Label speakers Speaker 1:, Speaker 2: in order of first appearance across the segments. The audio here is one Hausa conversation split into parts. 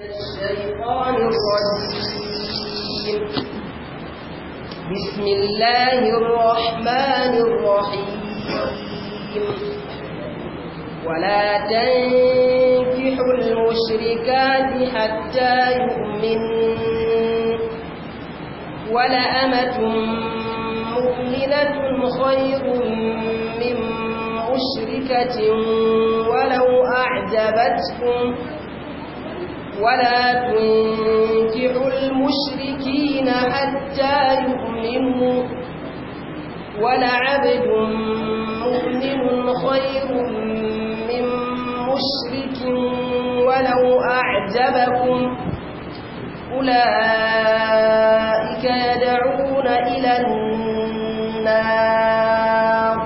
Speaker 1: الشيطان بسم الله الرحمن الرحيم ولا تنكحوا المشركات حتى يؤمنوا ولأمة مؤمنة خير من مشركة ولو أعجبتكم ولا تنكحوا المشركين حتى يؤمنوا ولعبد مؤمن خير من مشرك ولو أعجبكم أولئك يدعون إلى النار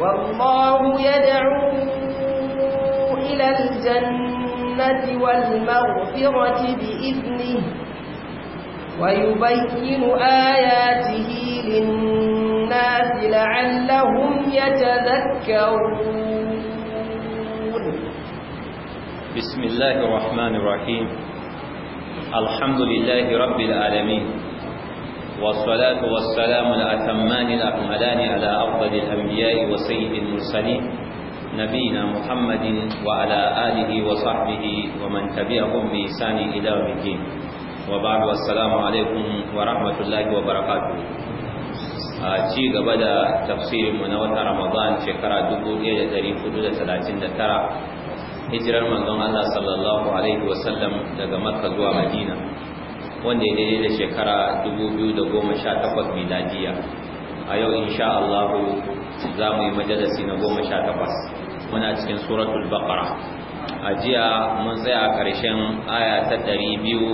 Speaker 1: والله يدعو إلى الجنة والمغفرة بإذنه ويبين آياته للناس لعلهم يتذكرون
Speaker 2: بسم الله الرحمن الرحيم الحمد لله رب العالمين والصلاة والسلام الأتمان الأكملان على أفضل الأنبياء وسيد المرسلين نبينا محمد وعلى آله وصحبه ومن تبعهم بإحسان إلى يوم الدين وبعد والسلام عليكم ورحمة الله وبركاته ci gaba da tafsirinmu na watan ramadan shekara 1439 hijirar manzon Allah sallallahu alaihi wasallam daga makka zuwa madina wanda ya daidai da shekara 2018 miladiya a yau insha Allah za mu yi majalasi na goma sha takwas muna cikin suratul baqara a jiya mun tsaya karshen aya ta ɗari biyu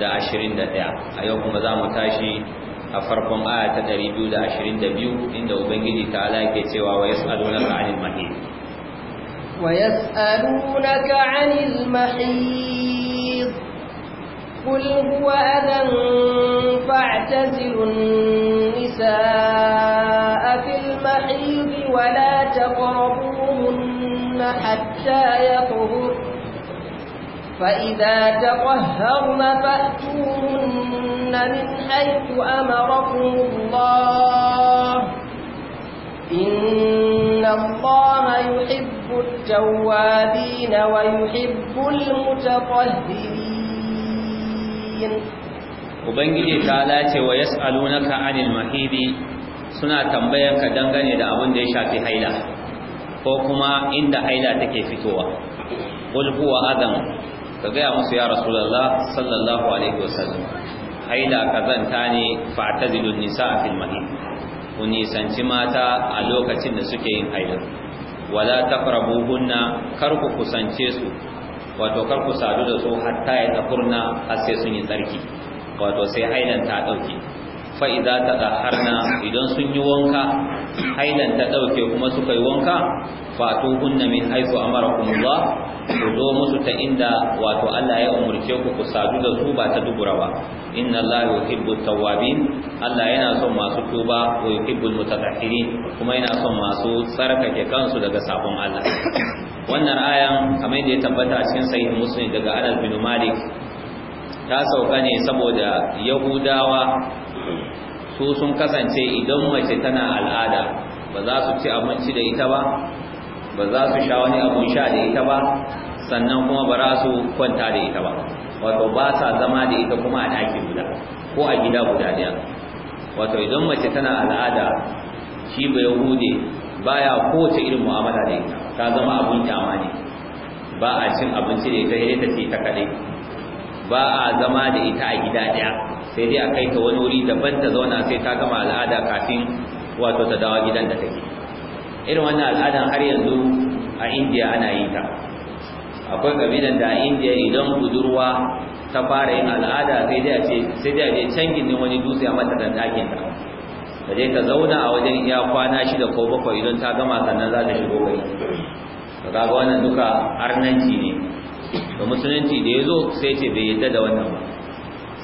Speaker 2: da ashirin da ɗaya a yau kuma za mu tashi a farkon aya ta ɗari biyu da ashirin da biyu inda ubangiji ta ala ke cewa wa yas'alunaka anil mahid
Speaker 1: ويسألونك عن المحيض قل هو أذى فاعتزلوا النساء في المحيض ولا تقربوهن حتى يطهر فإذا تطهرن فأتوهن من حيث أمركم الله إن الله يحب التوابين ويحب المتطهرين
Speaker 2: ubangiji ta lace wa yas'alunaka anil mahidi suna tambayan ka dangane da abin da ya shafi haila ko kuma inda haila take fitowa qul huwa adam ka gaya musu ya rasulullah sallallahu alaihi wasallam haila kazanta ne fa'tazilun nisa fil mahid ku nisanci mata a lokacin da suke yin haila wala taqrabuhunna kar ku kusance su wato kar ku sadu da su hatta ya tafurna har sai sun yi tsarki wato sai haidan ta dauke fa idza tadahharna idan sun yi wanka haidan ta dauke kuma suka yi wanka fatu hunna min haythu amarakumullah ku zo musu ta inda wato Allah ya umurce ku ku sadu da su ba ta dubura ba inna Allah yuhibbu tawwabin Allah yana son masu tuba wa yuhibbul mutatahhirin kuma yana son masu tsarkake kansu daga sabon Allah wannan ayan kamar yadda ya tabbata a cikin sahih muslim daga Anas bin Malik ta sauka ne saboda yahudawa su sun kasance idan mace tana al'ada ba za su ci abinci da ita ba ba za su sha wani abun sha da ita ba sannan kuma ba za su kwanta da ita ba wato ba sa zama da ita kuma a ɗaki guda ko a gida guda ɗaya wato idan mace tana al'ada shi ba yahude baya kowace irin mu'amala da ita ta zama abun kyama ne ba a cin abinci da ita ta ce ta kaɗai ba a zama da ita a gida daya sai dai a kai ta wani wuri daban ta zauna sai ta gama al'ada kafin wato ta dawo gidan da take irin wannan al'adan har yanzu a indiya ana yi ta akwai kabilan da a indiya idan budurwa ta fara yin al'ada sai dai a ce sai dai a je can ne wani dutse a mata dan ɗakin ta da dai ta zauna a wajen iya kwana shida ko bakwai idan ta gama sannan za ta shigo gari kaga wannan duka arnanci ne da musulunci da ya zo sai ce bai yadda da wannan ba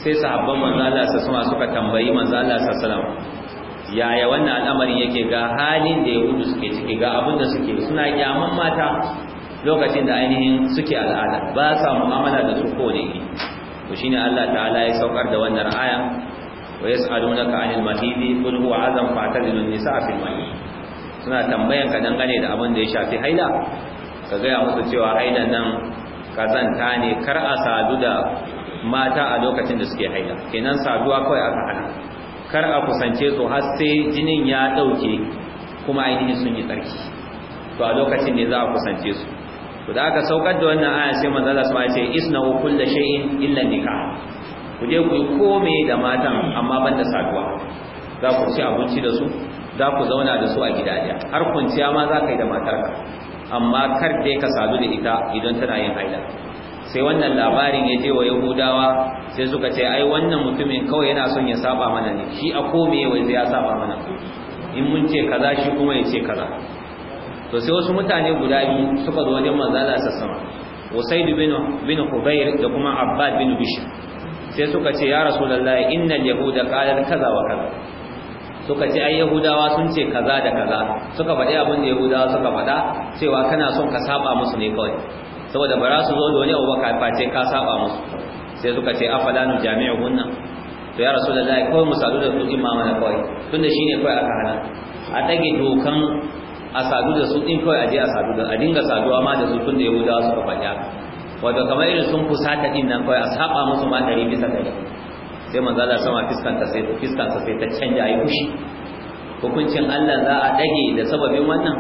Speaker 2: sai sahabban manzo sa sama suka tambayi manzo sa yaya wannan al'amarin yake ga halin da yahudu suke ciki ga abin da suke suna kyaman mata lokacin da ainihin suke al'ada ba sa mu'amala da su ko ne to shine Allah ta'ala ya saukar da wannan aya wa yas'alunaka 'anil mahidi qul huwa 'azam fa'tazilun nisaa fil suna tambayan ka dangane da abin da ya shafi haila ka gaya musu cewa hailan nan kazanta ne kar a sadu da mata a lokacin da suke haila kenan saduwa kawai aka hana kar a kusance su har sai jinin ya dauke kuma ainihin sun yi tsarki to a lokacin ne za a kusance su to da aka saukar da wannan aya sai manzo Allah subhanahu ce isnahu kullu shay'in illa nikah ku je ku kome da matan amma banda saduwa za ku ci abinci da su za ku zauna da su a gidaje har kunciya ma za ka yi da matarka amma kar dai ka sadu da ita idan tana yin haila sai wannan labarin ya je wa yahudawa sai suka ce ai wannan mutumin kawai yana son ya saba mana ne shi a kome wai zai ya saba mana in mun ce kaza shi kuma ya ce kaza to sai wasu mutane guda biyu suka zo wajen manzala sassama usaid bin bin hubayr da kuma abbad bin bishr sai suka ce ya rasulullah innal yahuda qalat kaza wa kaza suka ce ai yahudawa sun ce kaza da kaza suka faɗi abin da yahudawa suka faɗa cewa kana son ka saba musu ne kawai saboda ba za su zo da wani abu baka face ka saba musu sai suka ce afala nu hunna to ya rasulullahi kawai mu sadu da su din ma mana kawai tunda shine kawai aka hana a dage dokan a sadu da su din kawai a je a sadu da a dinga saduwa ma da su tunda yahudawa suka faɗi haka wato kamar irin sun fusata din nan kawai a saba musu ma dari bisa dari sai manzo Allah sama fiskanta sai fiskanta sai ta canja ayi kushi hukuncin Allah za a dage da sababin wannan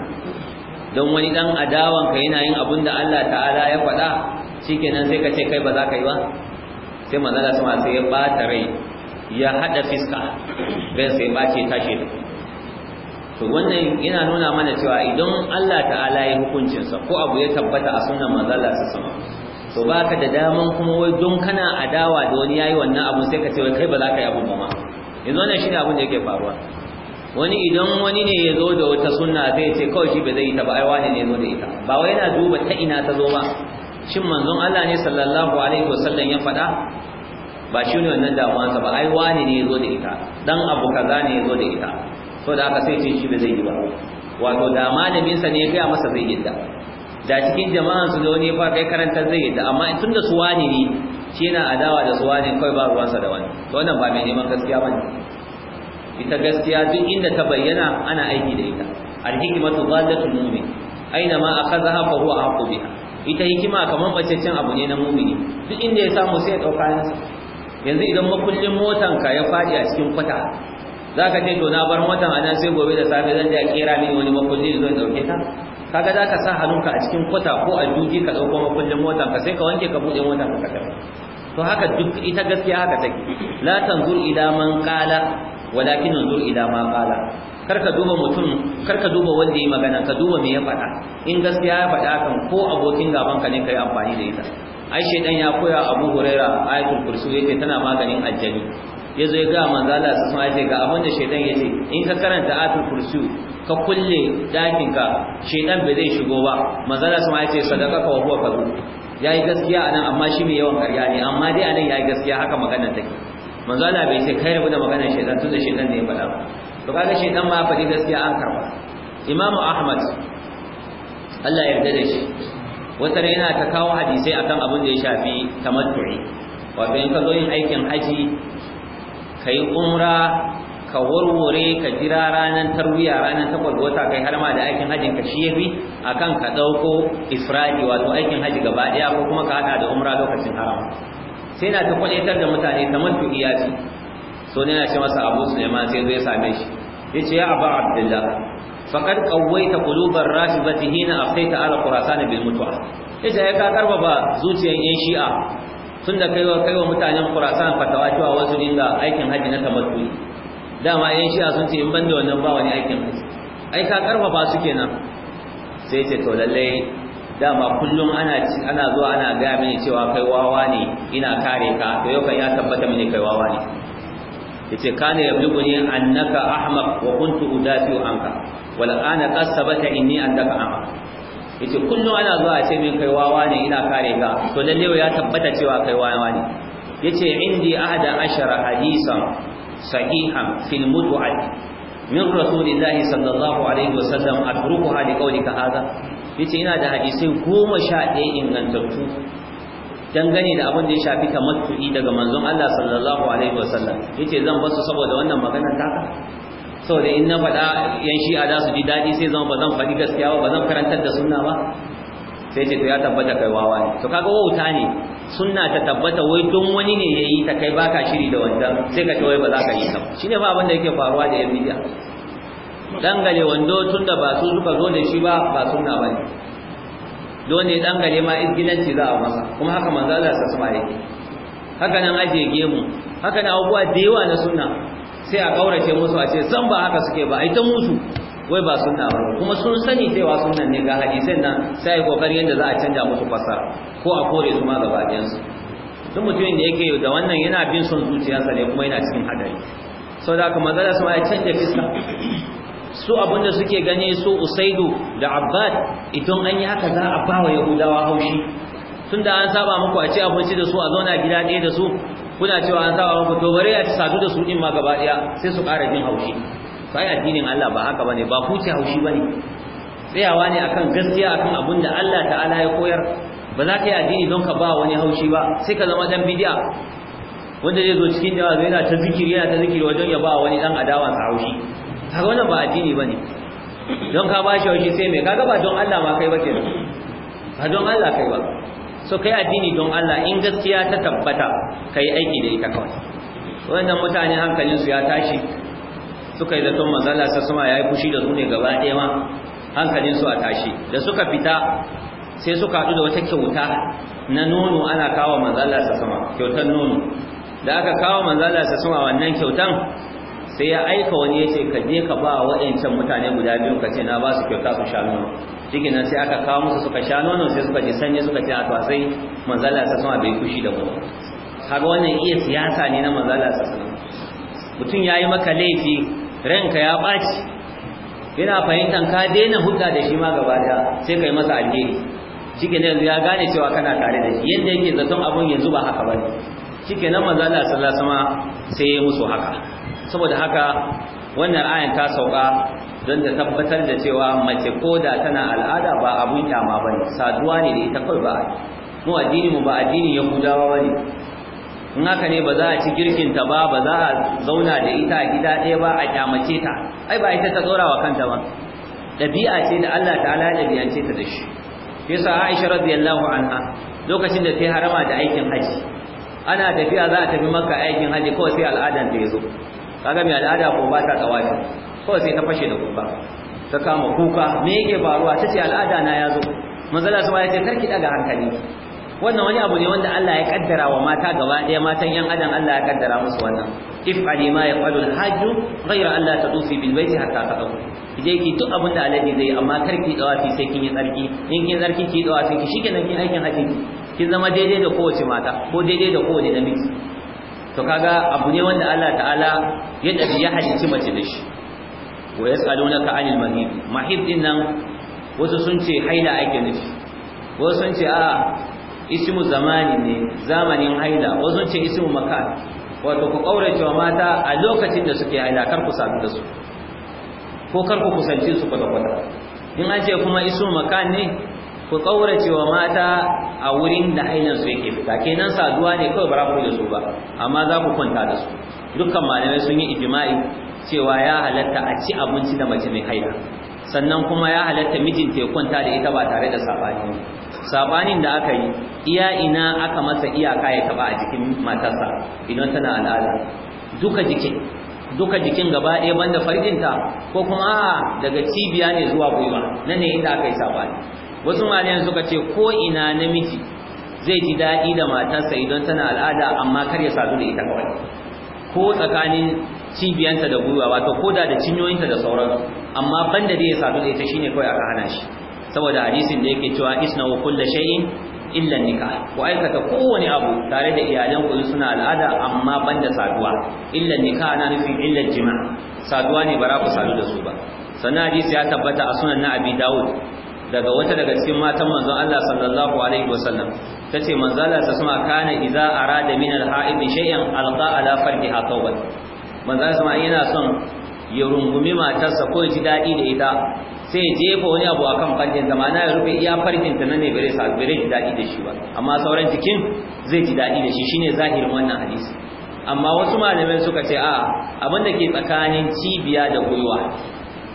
Speaker 2: don wani dan adawan ka yana yin abin da Allah ta'ala ya faɗa shikenan sai ka ce kai ba za ka yi ba sai manzo Allah sama sai ya bata rai ya hada fiska ran sai bace tashi da to wannan yana nuna mana cewa idan Allah ta'ala ya hukuncinsa ko abu ya tabbata a sunnan manzo Allah sallallahu alaihi wasallam to baka da daman kuma wai don kana adawa da wani yayi wannan abu sai ka ce wai kai ba za ka yi abun ba ma yanzu wannan shine abin da yake faruwa wani idan wani ne ya zo da wata sunna zai ce kawai shi ba zai yi ta ba ai wani ne ya zo da ita ba wai yana duba ta ina ta zo ba shin manzon Allah ne sallallahu alaihi wasallam ya faɗa ba shi ne wannan damuwarsa ba ai wani ne ya zo da ita dan abu kaza ne ya zo da ita saboda da aka sai ce shi ba zai yi ba wato da malamin sa ne ya gaya masa zai da da cikin jama'an su da wani ya fara kai karanta zai yadda amma in tunda su wani ne shi yana adawa da su wani kai ba ruwansa da wani to wannan ba mai neman gaskiya ne? ita gaskiya duk inda ta bayyana ana aiki da ita al-hikmatu dhallatul mu'min aina ma akhadha fa huwa aqu biha ita hikima kamar baccen abu ne na mu'mini duk inda ya samu
Speaker 3: sai ya dauka nasa
Speaker 2: yanzu idan makullin motan ka ya fadi a cikin kwata zaka ce to na bar motan a nan sai gobe da safe zan je a kera mini wani makullin zai dauke ta kaga za ka sa hannunka a cikin kwata ko a duji ka ɗauko makullin motar ka sai ka wanke ka buɗe motar ka kafa to haka duk ita gaskiya haka take la tanzur ila man qala walakin zur ila ma qala karka duba mutum karka duba wanda yi magana ka duba me ya faɗa in gaskiya ya faɗa kan ko abokin gaban ka ne kai amfani da ita ai shedan ya koya Abu Huraira ayatul kursi yake tana maganin aljani ya zo ya ga manzo Allah sun ya ce ga abin da shaidan ya ce in ka karanta atul kursu ka kulle dakin ka shaytan bai zai shigo ba manzo Allah sai ya ce sadaka ka wa huwa kadhub yayi gaskiya anan amma shi mai yawan karya ne amma dai anan yayi gaskiya haka magana take manzo Allah bai ce kai rabu da maganar tun tunda shaidan ne ya faɗa to kaga shaidan ma faɗi gaskiya an karba imamu Ahmad Allah ya yarda da shi wata yana ta kawo hadisai akan abin da ya shafi tamattu'i wato in ka zo yin aikin haji ka yi umra ka warware ka jira ranar tarwiya ranar takwas wata kai har ma da aikin hajji ka shefi akan ka dauko ifradi wato aikin hajji gaba daya ko kuma ka hada da umra lokacin haram sai na ta kwaletar da mutane ta tamattu iyaci so ne na ce masa Abu Sulaiman sai zai same shi yace ya Abu Abdullah faqad rashi ba ta hina aftaita ala Khurasan bil mutwa yace ya ka ba, zuciyan yan Shi'a sun da kaiwa kaiwa mutanen Khurasan fatawa cewa wasu dinga aikin haji na tamattu dama yan shi'a sun ce in ban da wannan ba wani aikin haji ai ka karfafa su kenan sai ce to dama kullum ana ana zuwa ana gaya mini cewa kai wawa ne ina kare ka to yau kan ya tabbata mini kai wawa ne yace kana yabluguni annaka ahmaq wa kuntu udafi anka wal ana qasabaka inni annaka ahmaq yace kullum ana zuwa a ce min kai wawa ne ina kare ka to lalle ya tabbata cewa kai wawa ne yace indi ahada ashara hadisan sahihan fil mud'at min rasulillahi sallallahu alaihi wasallam atrukuha li ka hada yace ina da hadisi kuma sha ɗaya ingantattu dangane da abin da ya shafi tamattu'i daga manzon Allah sallallahu alaihi wasallam yace zan basu saboda wannan magana taka saboda in na faɗa yan shi'a za su ji daɗi sai zama ba zan faɗi gaskiya ba ba zan karantar da sunna ba sai ce to ya tabbata kai wawa ne to kaga wauta ne sunna ta tabbata wai don wani ne yayi ta kai baka shiri da wanda sai ka wai ba za ka yi ta shine ba abin da yake faruwa da yan bid'a dangale wando tunda ba su suka zo da shi ba ba sunna bane don ne dangale ma izgilanci za a masa kuma haka manzo Allah sa suma yake haka nan aje gemu haka nan abubuwa da yawa na sunna sai a kaurace musu a ce san ba haka suke ba ai ta musu wai ba sunna ba kuma sun sani cewa sunnan ne ga hadisan nan sai yi kokarin yadda za a canja musu fasa ko a kore su ma gaba ɗayan su duk mutumin da yake da wannan yana bin son zuciyarsa ne kuma yana cikin hadari sau da kuma su ma ya canja fiska su abinda suke gani su usaidu da abbad idan an yi haka za a ba wa yahudawa haushi tun da an saba muku a ci abinci da su a zauna gida ɗaya da su kuna cewa an sa wa to bare ya sadu da su din ma gaba daya sai su ƙara jin haushi sai addinin Allah ba haka bane ba ku ci haushi bane tsayawa ne akan gaskiya akan abin da Allah ta'ala ya koyar ba za ka yi addini don ka ba wani haushi ba sai ka zama dan bid'a wanda zai zo cikin jama'a yana ta zikiri yana ta zikiri wajen ya ba wani dan adawa sa haushi kaga wannan ba addini bane don ka ba shi haushi sai me kaga ba don Allah ma kai ba kenan ba don Allah kai ba so kai addini don Allah in gaskiya ta tabbata kai aiki da ita kawai wannan mutane hankalin su ya tashi suka yi zaton manzala sa suma yayi fushi da su ne gaba ɗaya ma hankalin su a tashi da suka fita sai suka haɗu da wata kyauta na nono ana kawo manzala sa sama kyautar nono da aka kawo manzala sa sama wannan kyautan sai ya aika wani ya ka je ka ba waɗancan mutane guda biyu ka ce na ba su kyauta su sha nono shi nan sai aka kawo musu suka sha nono sai suka ji sanye suka ce a to sai manzala ta sama bai kushi da mu kaga wannan iya siyasa ne na manzala ta sama mutum ya yi maka laifi ranka ya ɓaci yana fahimtar ka daina hudda da shi ma gaba daya sai ka yi masa alheri shi yanzu ya gane cewa kana tare da shi yadda yake zaton abun yanzu ba haka ba ne shi kenan manzala sallallahu sama sai ya musu haka saboda haka wannan ayan ta sauka don ta tabbatar da cewa mace ko da tana al'ada ba abun kyama ba ne saduwa ne da ita kawai ba mu addini mu ba addini yahudawa ba ne in haka ne ba za a ci girkin ta ba ba za a zauna da ita a gida ɗaya ba a kyamace ta ai ba ita ta tsora wa kanta ba dabi'a ce da Allah ta'ala ya biyance ta da shi yasa Aisha radiyallahu anha lokacin da ta harama da aikin haji ana tafiya za a tafi maka aikin haji kawai sai al'adan ta yazo kaga mai al'ada ko ba ta tawafi kawai sai ta fashe da kuka ta kama kuka me yake faruwa tace al'ada na yazo manzala su ya ce karki daga hankali wannan wani abu ne wanda Allah ya kaddara wa mata gaba daya matan yan adam Allah ya kaddara musu wannan if'ali ma yaqalu al-hajj ghayra an la tadufi bil baiti hatta taqaw je ki duk abin da alaji zai amma karki dawafi sai kin yi tsarki in kin tsarki ki dawafi ki nan kin aikin hajji. kin zama daidai da kowace mata ko daidai da kowace namiji to kaga abu ne wanda Allah ta'ala ya dabi ya halicci mace da shi wa yasalunaka anil mahid mahid din nan wasu sun ce haila ake nufi wasu sun ce a ismu zamani ne zamanin haila wasu sun ce ismu makan wato ku kaurace wa mata a lokacin da suke haila kar ku sami da su ko kar ku kusance su kwata kwata in an ce kuma ismu makan ne ku kaurace wa mata a wurin da ainihin su yake fita kenan saduwa ne kawai ba ku da su ba amma za ku kwanta da su dukkan malamai sun yi ijma'i cewa ya halatta a ci abinci da mace mai haila sannan kuma ya halatta mijin ta kwanta da ita ba tare da sabani sabanin da aka yi iya ina aka masa iyaka ya taba a jikin matarsa idan tana al'ada duka jikin duka jikin gaba ɗaya banda farjinta ko kuma a'a daga cibiya ne zuwa gwiwa nan ne inda aka yi sabani wasu malayan suka ce ko ina namiji zai ji daɗi da matarsa idan tana al'ada amma kar ya sadu da ita kawai ko tsakanin cibiyanta da gwiwa wato koda da cinyoyinta da sauransu amma banda da ya sadu da ita shine kawai aka hana shi saboda hadisin da yake cewa isna wa kullu shay'in illa nikah ku aikata kowane abu tare da iyalan ku suna al'ada amma banda saduwa illa nikah ana nufin illa jima'a. saduwa ne bara ku sadu da su ba sannan hadisi ya tabbata a sunan na abi dawud daga wata daga cikin matan manzon Allah sallallahu alaihi wasallam tace manzon Allah ta sama kana idza arada min al-ha'id shay'an alqa ala farjiha tawban manzon Allah yana son ya rungumi matarsa ko ji dadi da ita sai jefa wani abu akan farjin ta mana ya rufe iya farjin ta nan bare sa bare ji dadi da shi ba amma sauran cikin zai ji dadi da shi shine zahirin wannan hadisi amma wasu malamai suka ce a abin da ke tsakanin cibiya da gwiwa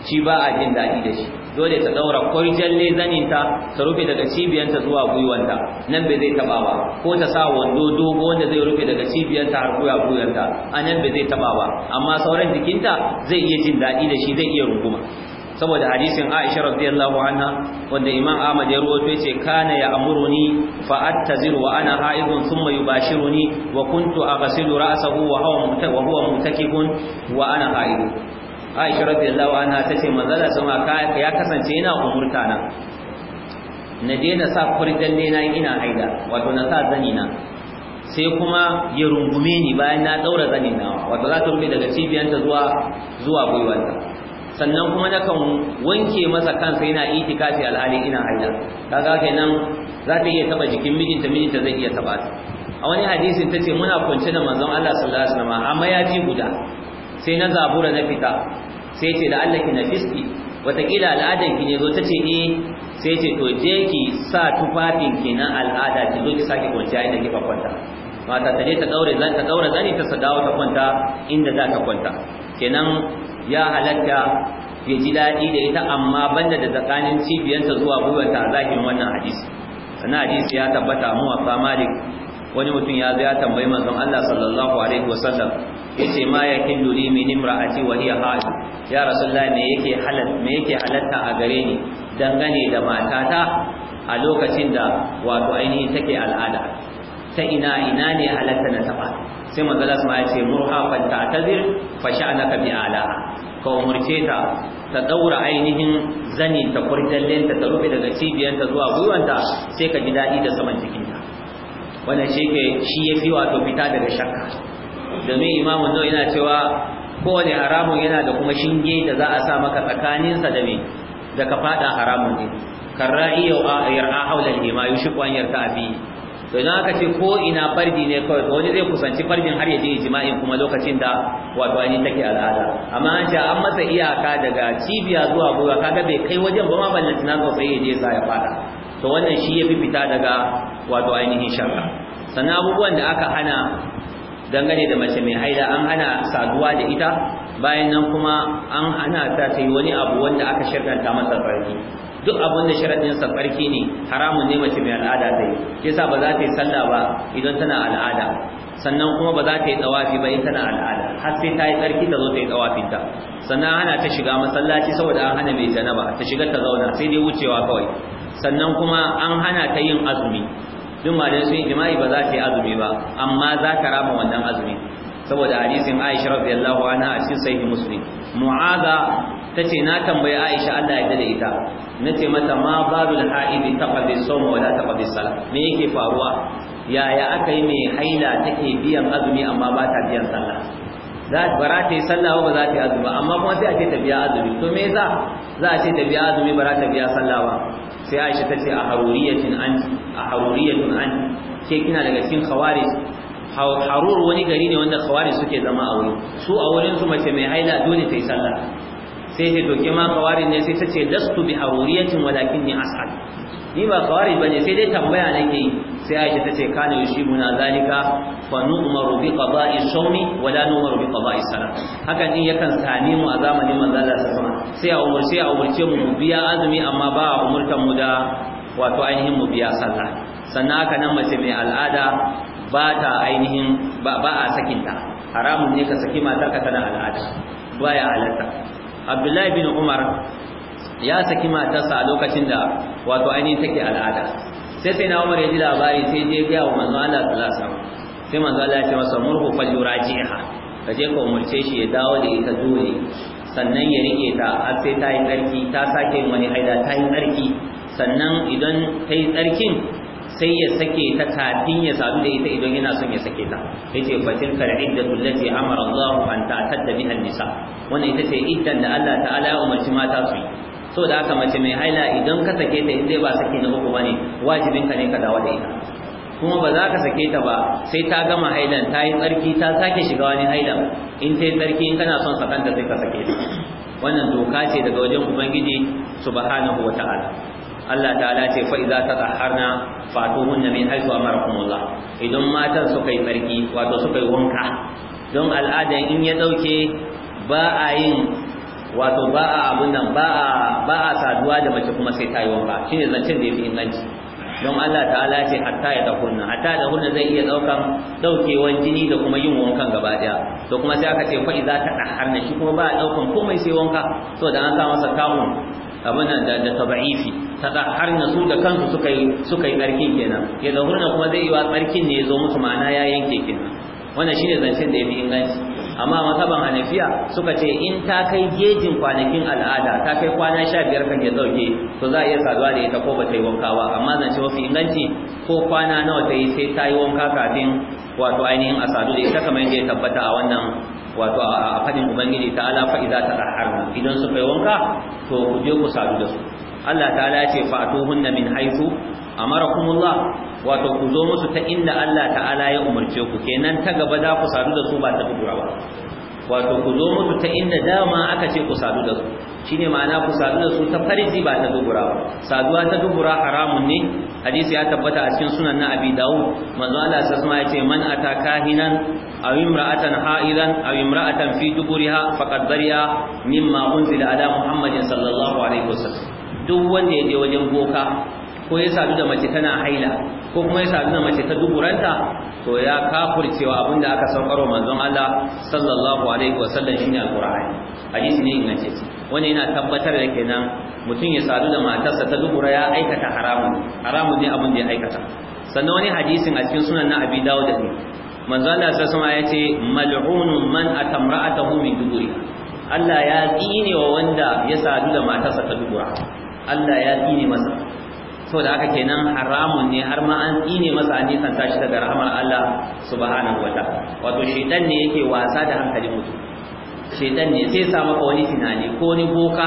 Speaker 2: shi ba a jin dadi da shi dole ta daura kwarjan ne zaninta ta rufe daga cibiyanta zuwa gwiwanta nan bai zai taba ba ko ta sa wando dogo wanda zai rufe daga cibiyanta har zuwa gwiwanta a nan bai zai taba ba amma sauran jikinta zai iya jin daɗi da shi zai iya ruguma saboda hadisin Aisha radiyallahu anha wanda Imam Ahmad ya rawaito yace kana ya amuruni fa attazir wa ana haidun thumma yubashiruni wa kuntu aghsilu ra'sahu wa huwa wa huwa mutakifun wa ana haidun Aisha radiyallahu anha tace manzala sama ya kasance yana umurta na na je na sa furdan ne na ina haida wato na sa zani na sai kuma ya rungume ni bayan na daura zani na wato za ta rufe daga ta zuwa zuwa ta sannan kuma na kan wanke masa kansa yana itikafi alhali ina haila kaga kenan za ta iya taba jikin mijinta mijinta zai iya taba ta a wani hadisin tace muna kwance da manzon Allah sallallahu alaihi wasallam amma ya ji guda sai na zabura na fita sai ce da Allah ki nafisti watakila al'adan ki ne zo ta ce eh sai ce to je ki sa tufafin ki na al'ada ki zo ki sake kwanciya inda kika kwanta mata ta je ta daure zan ta daure zani ta sadawa ta kwanta inda za ta kwanta kenan ya halatta ya ji daɗi da ita amma banda da tsakanin cibiyanta zuwa gwiwanta a zahirin wannan hadisi sannan hadisi ya tabbata mu a malik wani mutum ya zo ya tambayi manzon Allah sallallahu alaihi wasallam yace ma yakillu li min imra'ati wa hiya ha'id ya rasulullah me yake halal me yake a gare ni dangane da matata a lokacin da wato ainihi take al'ada ta ina ina ne halatta na taba sai manzala su ya ce murha fa ta'tazir fa sha'naka bi ala ka umurce ta ta daura ainihin zani ta kurdallen ta rufe daga ta zuwa gwiwanta sai ka ji dadi da saman cikinta wannan shi ke shi yafi wato fita daga shakka domin imamu nawa yana cewa kowane haramun yana da kuma shinge da za a sa maka tsakaninsa da me da ka fada haramun ne karra'i yau a a yar'a haulal hima yushqu an yarta fi to idan aka ce ko ina fardi ne kawai wani zai kusanci fardin har ya je jima'in kuma lokacin da wato ainihin take al'ada amma an ce an masa iyaka daga cibiya zuwa gwiwa kaga bai kai wajen ba ma ballanci na sosai ya je sa ya fada to wannan shi ya fi fita daga wato ainihin sharra sannan abubuwan da aka hana dangane da mace mai haida an hana saduwa da ita bayan nan kuma an hana ta ta yi wani abu wanda aka shirkanta masa farki duk abin da sharadin sa ne haramun ne mace mai al'ada ta yi yasa ba za ta yi sallah ba idan tana al'ada sannan kuma ba za ta yi tsawafi ba idan tana al'ada har sai ta yi tsarki ta zo ta yi tsawafin ta sannan hana ta shiga masallaci saboda an hana mai janaba ta shiga ta zauna sai dai wucewa kawai sannan kuma an hana ta yin azumi duk da sun jima'i ba za ta yi azumi ba amma za ta rama wannan azumi saboda hadisin Aisha radiyallahu anha a cikin sahih Muslim Mu'adha tace na tambayi Aisha Allah ya da ita nace mata ma babul haidi taqdi sawm wa la taqdi salat me yake faruwa yaya aka yi mai haila take biyan azumi amma ba ta biyan sallah za ta bara ta yi sallah ba za ta yi azumi amma kuma sai a ce ta biya azumi to me za za a ce ta biya azumi ba za ta biya sallah ba sai Aisha tace a haruriyatin anti haruriyatun an ce kina daga cikin khawarij harur wani gari ne wanda khawarij suke zama a wuri su a wurin su mace mai haila dole ta yi sallah sai ta doke ma khawarij ne sai ta ce lastu bi haruriyatin walakin ni as'al ni ba khawarij bane sai dai tambaya nake yi sai Aisha ta ce kana yushibuna zalika fa nu'maru bi qada'i shawmi wa la nu'maru bi qada'i salat hakan din yakan same mu a zamanin manzala sallallahu alaihi wasallam sai a umurce a umurce mu biya azumi amma ba a umurtan mu da wato ainihin mu biya sallah sannan haka nan mace mai al'ada ba ta ainihin ba a sakinta haramun ne ka saki matarka tana al'ada baya halatta abdullahi bin umar ya saki matarsa a lokacin da wato ainihin take al'ada sai sai na umar ya ji labari sai je biya wa manzo Allah sallallahu alaihi wasallam sai manzo Allah ya ce masa murhu fal yurajiha kaje ka umurce shi ya dawo da ita dole sannan ya rike ta har sai ta yi tsarki ta sake wani haida ta yi tsarki sannan idan ta yi tsarkin sai ya sake ta kafin ya sadu da ita idan yana son ya sake ta yace fa tilka al da allati amara Allah an ta'tadda biha an-nisa wannan ita ce iddan da Allah ta'ala ya umarci mata su yi so da haka mace mai haila idan ka sake ta in dai ba sake na uku bane wajibin ka ne ka dawo da ita kuma ba za ka sake ta ba sai ta gama haidan ta yi tsarki ta sake shiga wani haidan in ta yi tsarki in kana son da sai ka sake ta wannan doka ce daga wajen ubangiji subhanahu wa ta'ala Allah ta'ala ce fa idza tatahharna fatuhunna min haythu amarakumullah idan matan suka yi tsarki wato suka yi wanka don al'ada in ya dauke ba a yin wato ba a abun nan ba a ba a saduwa da mace kuma sai ta yi wanka shine zancen da yafi inganci don Allah ta'ala ce hatta ya dakunna hatta da hunna zai iya daukan daukewan jini da kuma yin wanka gaba daya to kuma sai aka ce fa idza tadahharna shi kuma ba daukan komai sai wanka so da an sa masa kamun abin da da tabaifi na su da kansu suka yi suka yi kenan ya dahunna kuma zai yi wa tsarkin ne ya zo musu ma'ana ya yanke kenan wannan shine zancen da yafi inganci amma mazhaban hanafiya suka ce in ta kai gejin kwanakin al'ada ta kai kwana 15 kan ya dauke to za a iya saduwa da ita ko ba ta yi wanka ba amma zance wasu inganci ko kwana nawa ta yi sai ta yi wanka kafin wato ainihin a sadu da ita kamar yadda ya tabbata a wannan wato a fadin ubangiji ta ala fa'iza ta ɗaharna idan su kai wanka to ku je ku sadu da su Allah ta ala ce fa'atuhunna min haifu amarakumullah wato ku zo musu ta inda Allah ta'ala ya umarce ku kenan ta gaba za ku sadu da su ba ta dubura ba wato ku zo musu ta inda dama aka ce ku sadu da su shine ma'ana ku sadu da su ta farji ba ta dubura ba saduwa ta dubura haramun ne hadisi ya tabbata a cikin sunan na Abi Dawud manzo Allah sasma ya ce man ata kahinan aw imra'atan ha'ilan aw imra'atan fi duburiha faqad bariya mimma unzila ala Muhammadin sallallahu alaihi wasallam duk wanda ya je wajen boka ko ya sadu da mace tana haila ko kuma ya sadu da mace ta duburanta to ya cewa abinda aka saukar manzon Allah sallallahu alaihi wasallam shine alqur'ani hadisi ne ingance wani yana tabbatar da kenan mutum ya sadu da matarsa ta dubura ya aikata haramun haramun ne abin da ya aikata sannan wani hadisin a cikin sunan na Abi Dawud ne manzon Allah sallallahu alaihi wasallam yace mal'unun man atamra'atahu min duburi Allah ya tsine wa wanda ya sadu da matarsa ta dubura Allah ya tsine masa so da aka kenan haramun ne har ma an tsine masa an nisan tashi daga rahamar Allah subhanahu wa ta'ala wato shaitan ne yake wasa da hankalin mutum shaitan ne sai sa maka wani tunani ko ni boka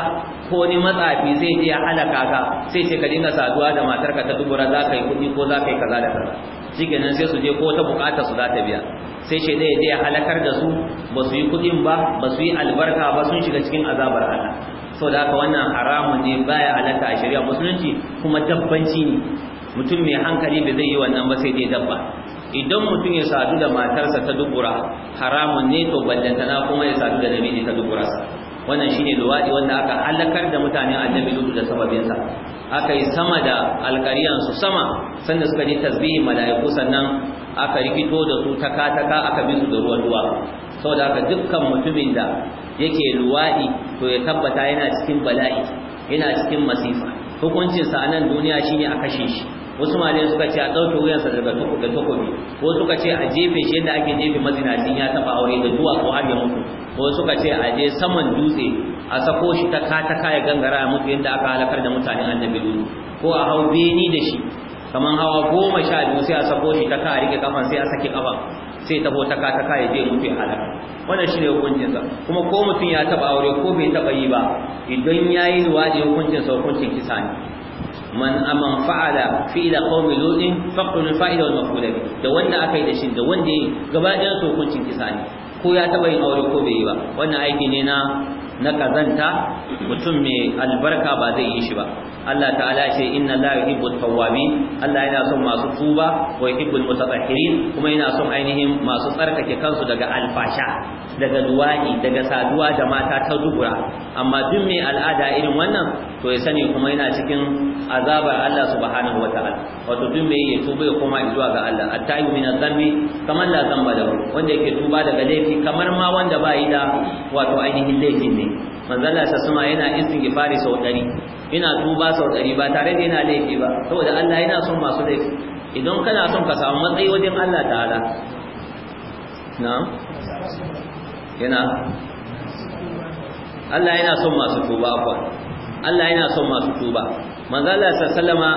Speaker 2: ko ni matsafi zai je ya halaka ka sai ce ka dinga saduwa da matarka ta dubura za ka yi kuɗi ko za ka yi kaza da kaza nan sai su je ko ta bukata su za ta biya sai shi dai ya halakar da su ba su yi kuɗin ba ba su yi albarka ba sun shiga cikin azabar Allah da haka wannan haramun ne baya alaka a shari'a musulunci kuma dabbanci ne mutum mai hankali bai zai yi wannan ba sai dai dabba idan mutum ya sadu da matarsa ta dubura haramun ne to ballantana kuma ya sadu da namiji ta dubura wannan shine luwadi wanda aka halakar da mutanen annabi lutu da sababinsa aka yi sama da alkariyan su sama sanda suka ji tasbihi malaiku sannan aka rikito da su taka taka aka bi su da ruwan ruwa saboda haka dukkan mutumin da yake luwadi to ya tabbata yana cikin bala'i yana cikin masifa hukuncin sa anan duniya shine a kashe shi wasu malai suka ce a dauke wuyansa daga da takobi ko suka ce a jefe shi yadda ake jefe mazinacin ya taba aure da duwa ko har ya mutu ko suka ce a je saman dutse a sako shi ta kataka ya gangara ya mutu yadda aka halakar da mutane annabi ko a hau beni da shi kaman hawa goma sha biyu sai a sako shi ta ka a rike kafan sai a saki kafan sai ta ta ka ta ka ya je mutu ya halaka wannan shine hukuncin sa kuma ko mutum ya taba aure ko bai taba yi ba idan yayi luwaji hukuncin sa hukuncin kisa ne man aman fa'ala fi'la qawmi lu'in faqul fa'ila wal bi da wanda akai da shi da wanda gaba ɗayan hukuncin kisa ne ko ya taba yin aure ko bai yi ba wannan aiki ne na na kazanta mutum mai albarka ba zai yi shi ba Allah ta'ala ce inna la yuhibbu tawwabin Allah yana son masu tuba wa yuhibbul mutatahhirin kuma yana son ainihin masu tsarkake kansu daga alfasha daga duwani daga saduwa da mata ta dubura amma duk mai al'ada irin wannan to ya sani kuma yana cikin azabar Allah subhanahu ta'ala wato duk mai ya tuba ya koma zuwa ga Allah at-taibu min adh-dhanbi kamar la dhanba lahu wanda yake tuba daga laifi kamar ma wanda ba yi da wato ainihin laifin ne manzala sa suma yana istighfari sau 100 ina tuba sau 100 ba tare da yana laifi ba saboda Allah yana son masu laifi idan kana son ka samu matsayi wajen Allah ta'ala na'am yana
Speaker 1: Allah yana son masu tuba
Speaker 2: kuwa Allah yana son masu tuba manzo Allah sallama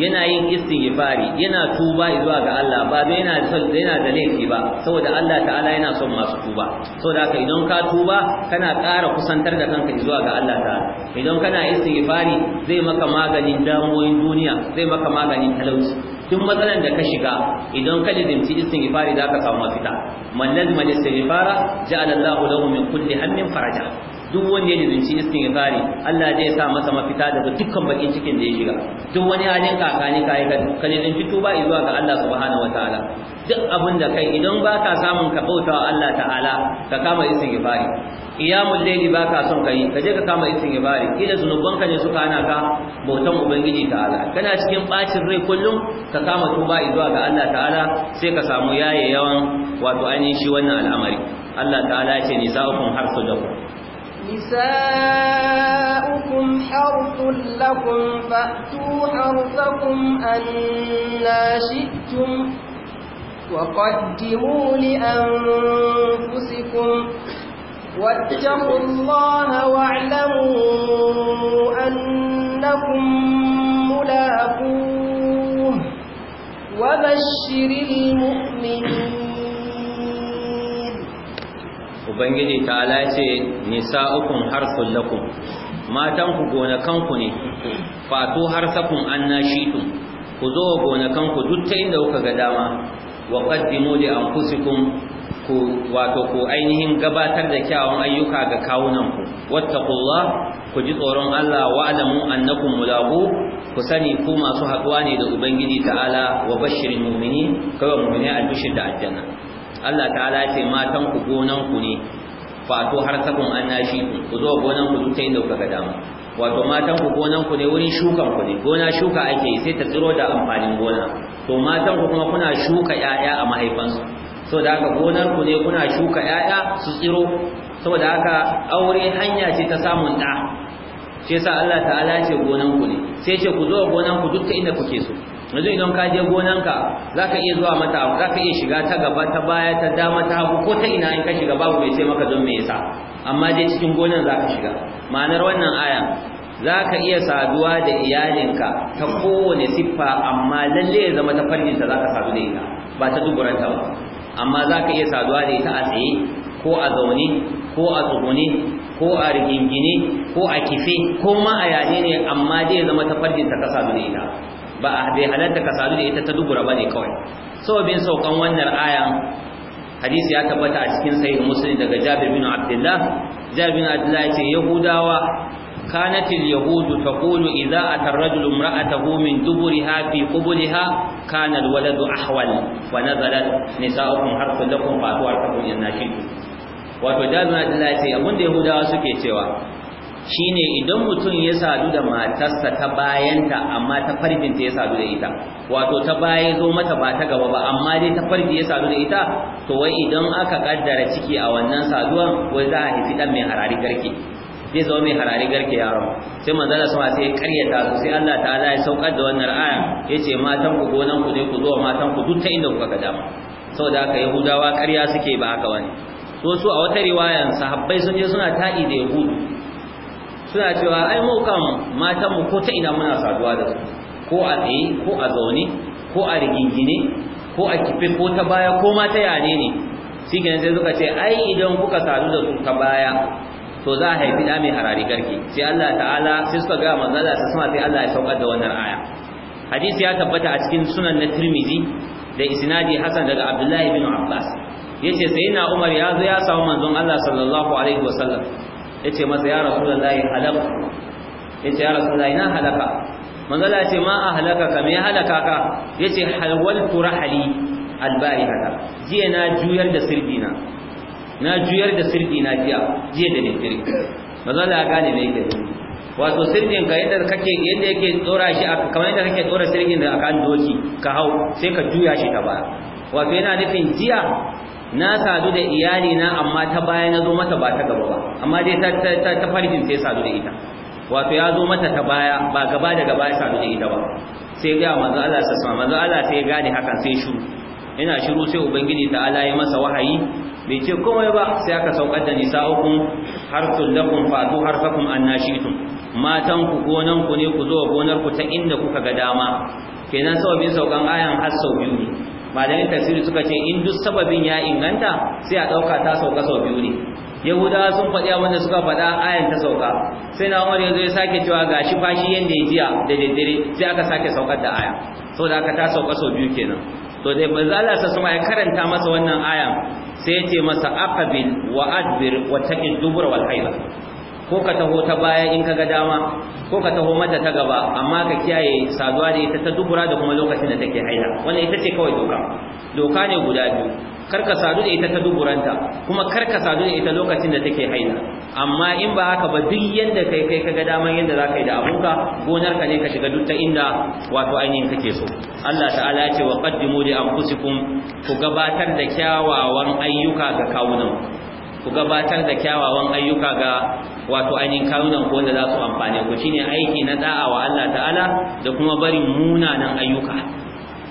Speaker 2: yana yin istighfari yana tuba zuwa ga Allah ba dai yana son yana da laifi ba saboda Allah ta'ala yana son masu tuba saboda haka idan ka tuba kana ƙara kusantar da kanka zuwa ga Allah ta'ala idan kana istighfari zai maka maganin damuwoyin duniya zai maka maganin talauci duk matsalan da ka shiga idan ka lizimci istighfari zaka samu mafita man lazima istighfara ja'ala Allahu lahu min kulli hammin faraja duk wanda ya nizinci istighfari Allah zai sa masa mafita daga dukkan bakin cikin da ya shiga duk wani halin kakani kai ka nizinci tuba zuwa ga Allah subhanahu wataala duk abin da kai idan baka samun ka bautawa Allah ta'ala ka kama istighfari laili ba baka son kai ka je ka kama istighfari kila ka ne suka hana ka bautan ubangiji ta'ala kana cikin bacin rai kullum ka kama tuba zuwa ga Allah ta'ala sai ka samu yaye yawan wato ainihin shi wannan al'amari Allah ta'ala ya ce nisa'ukum harsu ku?"
Speaker 1: نساؤكم حرث لكم فأتوا حرثكم أنا شئتم وقدموا لأنفسكم واتقوا الله واعلموا أنكم ملاقوه وبشر المؤمنين
Speaker 2: ubangiji ta ce nisa ukun lakum matan ku gonakan ku ne fatu harsakum Annashitu ku zo wa gonakanku duk ta inda kuka ga dama wa qaddimu li anfusikum ku wato ku ainihin gabatar da kyawun ayyuka ga kawunanku ku wattaqullah ku ji tsoron Allah wa alamu annakum mulaqu ku sani ku masu haɗuwa ne da ubangiji ta'ala wa bashirin mu'mini kawai mu'mini albishir da aljanna Allah ta'ala ya ce matan ku gonan ku ne fato har sakun an nashi ku zo gonan ku duk ta inda kuka ga dama wato matan ku gonan ku ne wurin shukan ku ne gona shuka ake yi sai ta tsiro da amfanin gona to matan ku kuma kuna shuka ƴaƴa a mahaifansu saboda haka gonar ku ne kuna shuka ƴaƴa su tsiro saboda haka aure hanya ce ta samun da shi yasa Allah ta'ala ce gonan ku ne sai ce ku zo gonan ku duk ta inda kuke so yanzu idan ka je gonanka za ka iya zuwa mata za ka iya shiga ta gaba ta baya ta dama ta hagu ko ta ina in ka shiga babu mai sai maka don me yasa amma dai cikin gonan za ka shiga ma'anar wannan aya za ka iya saduwa da iyalinka ta kowane siffa amma lalle ya zama ta farkinta za ka sadu da ita ba ta duburanta ba amma za ka iya saduwa da ita a tsaye ko a zaune ko a tsugune ko a rigingine ko a kife ko ma a yane ne amma dai ya zama ta farkinta ka sadu da ita ba a bai halatta ka sadu da ita ta dubura ne kawai sababin saukan wannan ayan hadisi ya tabbata a cikin sahih muslim daga Jabir bin Abdullah Jabir bin Abdullah yace Yahudawa كانت اليهود تقول إذا أتى الرجل امرأته من دبرها في قبلها كان الولد أحول ونزلت نساؤكم حرث لكم فأتوا حرثكم إن شئتم wato jami'a da lati abin da yahudawa suke cewa shine idan mutum ya sadu da matarsa ta bayanta amma ta ta ya sadu da ita wato ta baya zo mata ba ta gaba ba amma dai ta farji ya sadu da ita to wai idan aka kaddara ciki a wannan saduwan wai za a haifi dan mai harari garke zai zama mai harari garke yaro sai manzala sama sai ya karyata su sai Allah ta'ala ya saukar da wannan aya yace matan ku gonan ku dai ku zo matan ku duk ta inda kuka ga dama saboda haka yahudawa karya suke ba haka wani so su a wata riwayan sahabbai sun je suna taɗi da yahudu suna cewa ai mu kan matan mu ko ta ina muna saduwa da su ko a tsaye ko a zaune ko a rigingine ko a kife ko ta baya ko ma ta yane ne kenan sai suka ce ai idan kuka sadu da su ta baya to za a haifi da mai harari garke sai Allah ta'ala sai suka ga manzala sai suna, sai Allah ya saukar da wannan aya hadisi ya tabbata a cikin sunan na Tirmidhi da isnadi Hasan daga Abdullahi bin Abbas yace sayyidina Umar ya zo ya samu manzon Allah sallallahu alaihi wasallam yace masa ya rasulullahi halak yace ya rasulullahi na halaka manzala yace ma ahlaka ka me halaka ka yace halwaltu rahali albarihata jiya na juyar da sirdina na juyar da sirgina jiya jiya da daddare manzala ya gane me yake wato sirdin ka yadda kake yadda yake tsora shi kamar yadda kake tsora sirdin da akan doki ka hau sai ka juya shi ta baya wato yana nufin jiya na sadu da iyali na amma ta baya na zo mata ba ta gaba ba amma dai ta ta ta farkin sai sadu da ita wato ya zo mata ta baya ba gaba da gaba ya sadu da ita ba sai ga manzo Allah sa sama manzo Allah sai ya gane hakan sai shiru ina shiru sai ubangiji ta Allah ya masa wahayi bai ce komai ba sai aka saukar da nisa nisa'ukum harsul lakum fatu harsakum annashitum matan ku gonan ku ne ku zo gonar ku ta inda kuka ga dama kenan sababin saukan ayan har sau biyu ne malamin tafsiri suka ce in duk sababin ya inganta sai a dauka ta sauka sau biyu ne yahudawa sun faɗi a wanda suka faɗa ayan ta sauka sai na umar yanzu ya sake cewa gashi fashi yanda ya jiya da daddare sai aka sake saukar da aya saboda aka ta sauka sau biyu kenan to dai manzo Allah sa suma ya karanta masa wannan ayan sai ya ce masa Akabil wa adbir wa taqid dubur wal haila ko ka taho ta baya in ka ga dama ko ka taho mata ta gaba amma ka kiyaye saduwa da ita ta dubura da kuma lokacin da take haila wannan ita ce kawai doka doka ne guda biyu kar ka sadu da ita ta duburanta kuma kar ka sadu da ita lokacin da take haila amma in ba haka ba duk yanda kai kai kaga dama yanda zaka yi da abunka gonar ka ne ka shiga duk ta inda wato ainihin kake so Allah ta'ala ya ce wa qaddimu li anfusikum ku gabatar da kyawawan ayyuka ga kawunan ku gabatar da kyawawan ayyuka ga wato ainihin kawunan ko wanda za su amfane ku shine aiki na da'a wa Allah ta'ala da kuma barin munanan ayyuka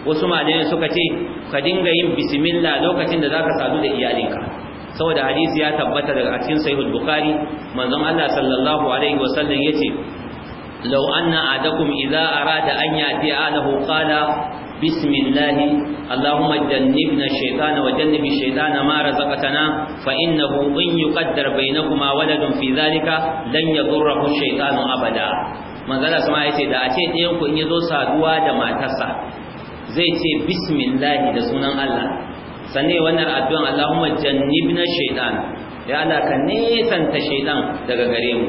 Speaker 2: wasu malamai suka ce ka dinga yin bismillah lokacin da zaka sadu da iyalinka saboda hadisi ya tabbata daga cikin sahihul bukhari manzon Allah sallallahu alaihi wasallam yace law anna adakum idza arada an yati alahu qala بسم الله اللهم جنبنا الشيطان وجنب الشيطان ما رزقتنا فإنه إن يقدر بينكما ولد في ذلك لن يضره الشيطان أبدا manzala sama ya ce da a ce ɗayan ku in ya zo saduwa da matarsa zai ce bismillahi da sunan Allah sannan wannan addu'an Allahumma jannibna shaytan ya Allah ka nesanta shaytan daga gare mu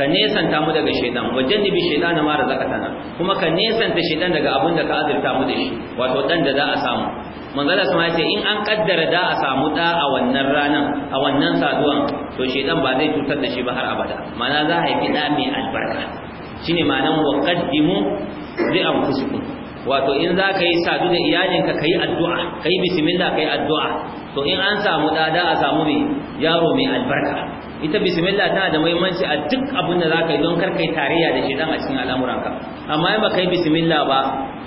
Speaker 2: ka nesanta mu daga shaitan bi shaitan ma tana. kuma ka nesanta shaitan daga abin da ka azurta mu da shi wato dan da za a samu manzala sama ya ce in an kaddara da a samu da a wannan ranan a wannan saduwa to shaitan ba zai cutar da shi ba har abada mana za a haifi da mai albarka shine ma'anan wa qaddimu li anfusikum wato in za ka yi sadu da iyalinka ka yi addu'a ka yi bismillah ka yi addu'a to in an samu da a samu mai yaro mai albarka ita bismillah tana da muhimmanci a duk abin da zaka yi don kar kai tarayya da shedan a cikin al'amuranka amma in baka yi bismillah ba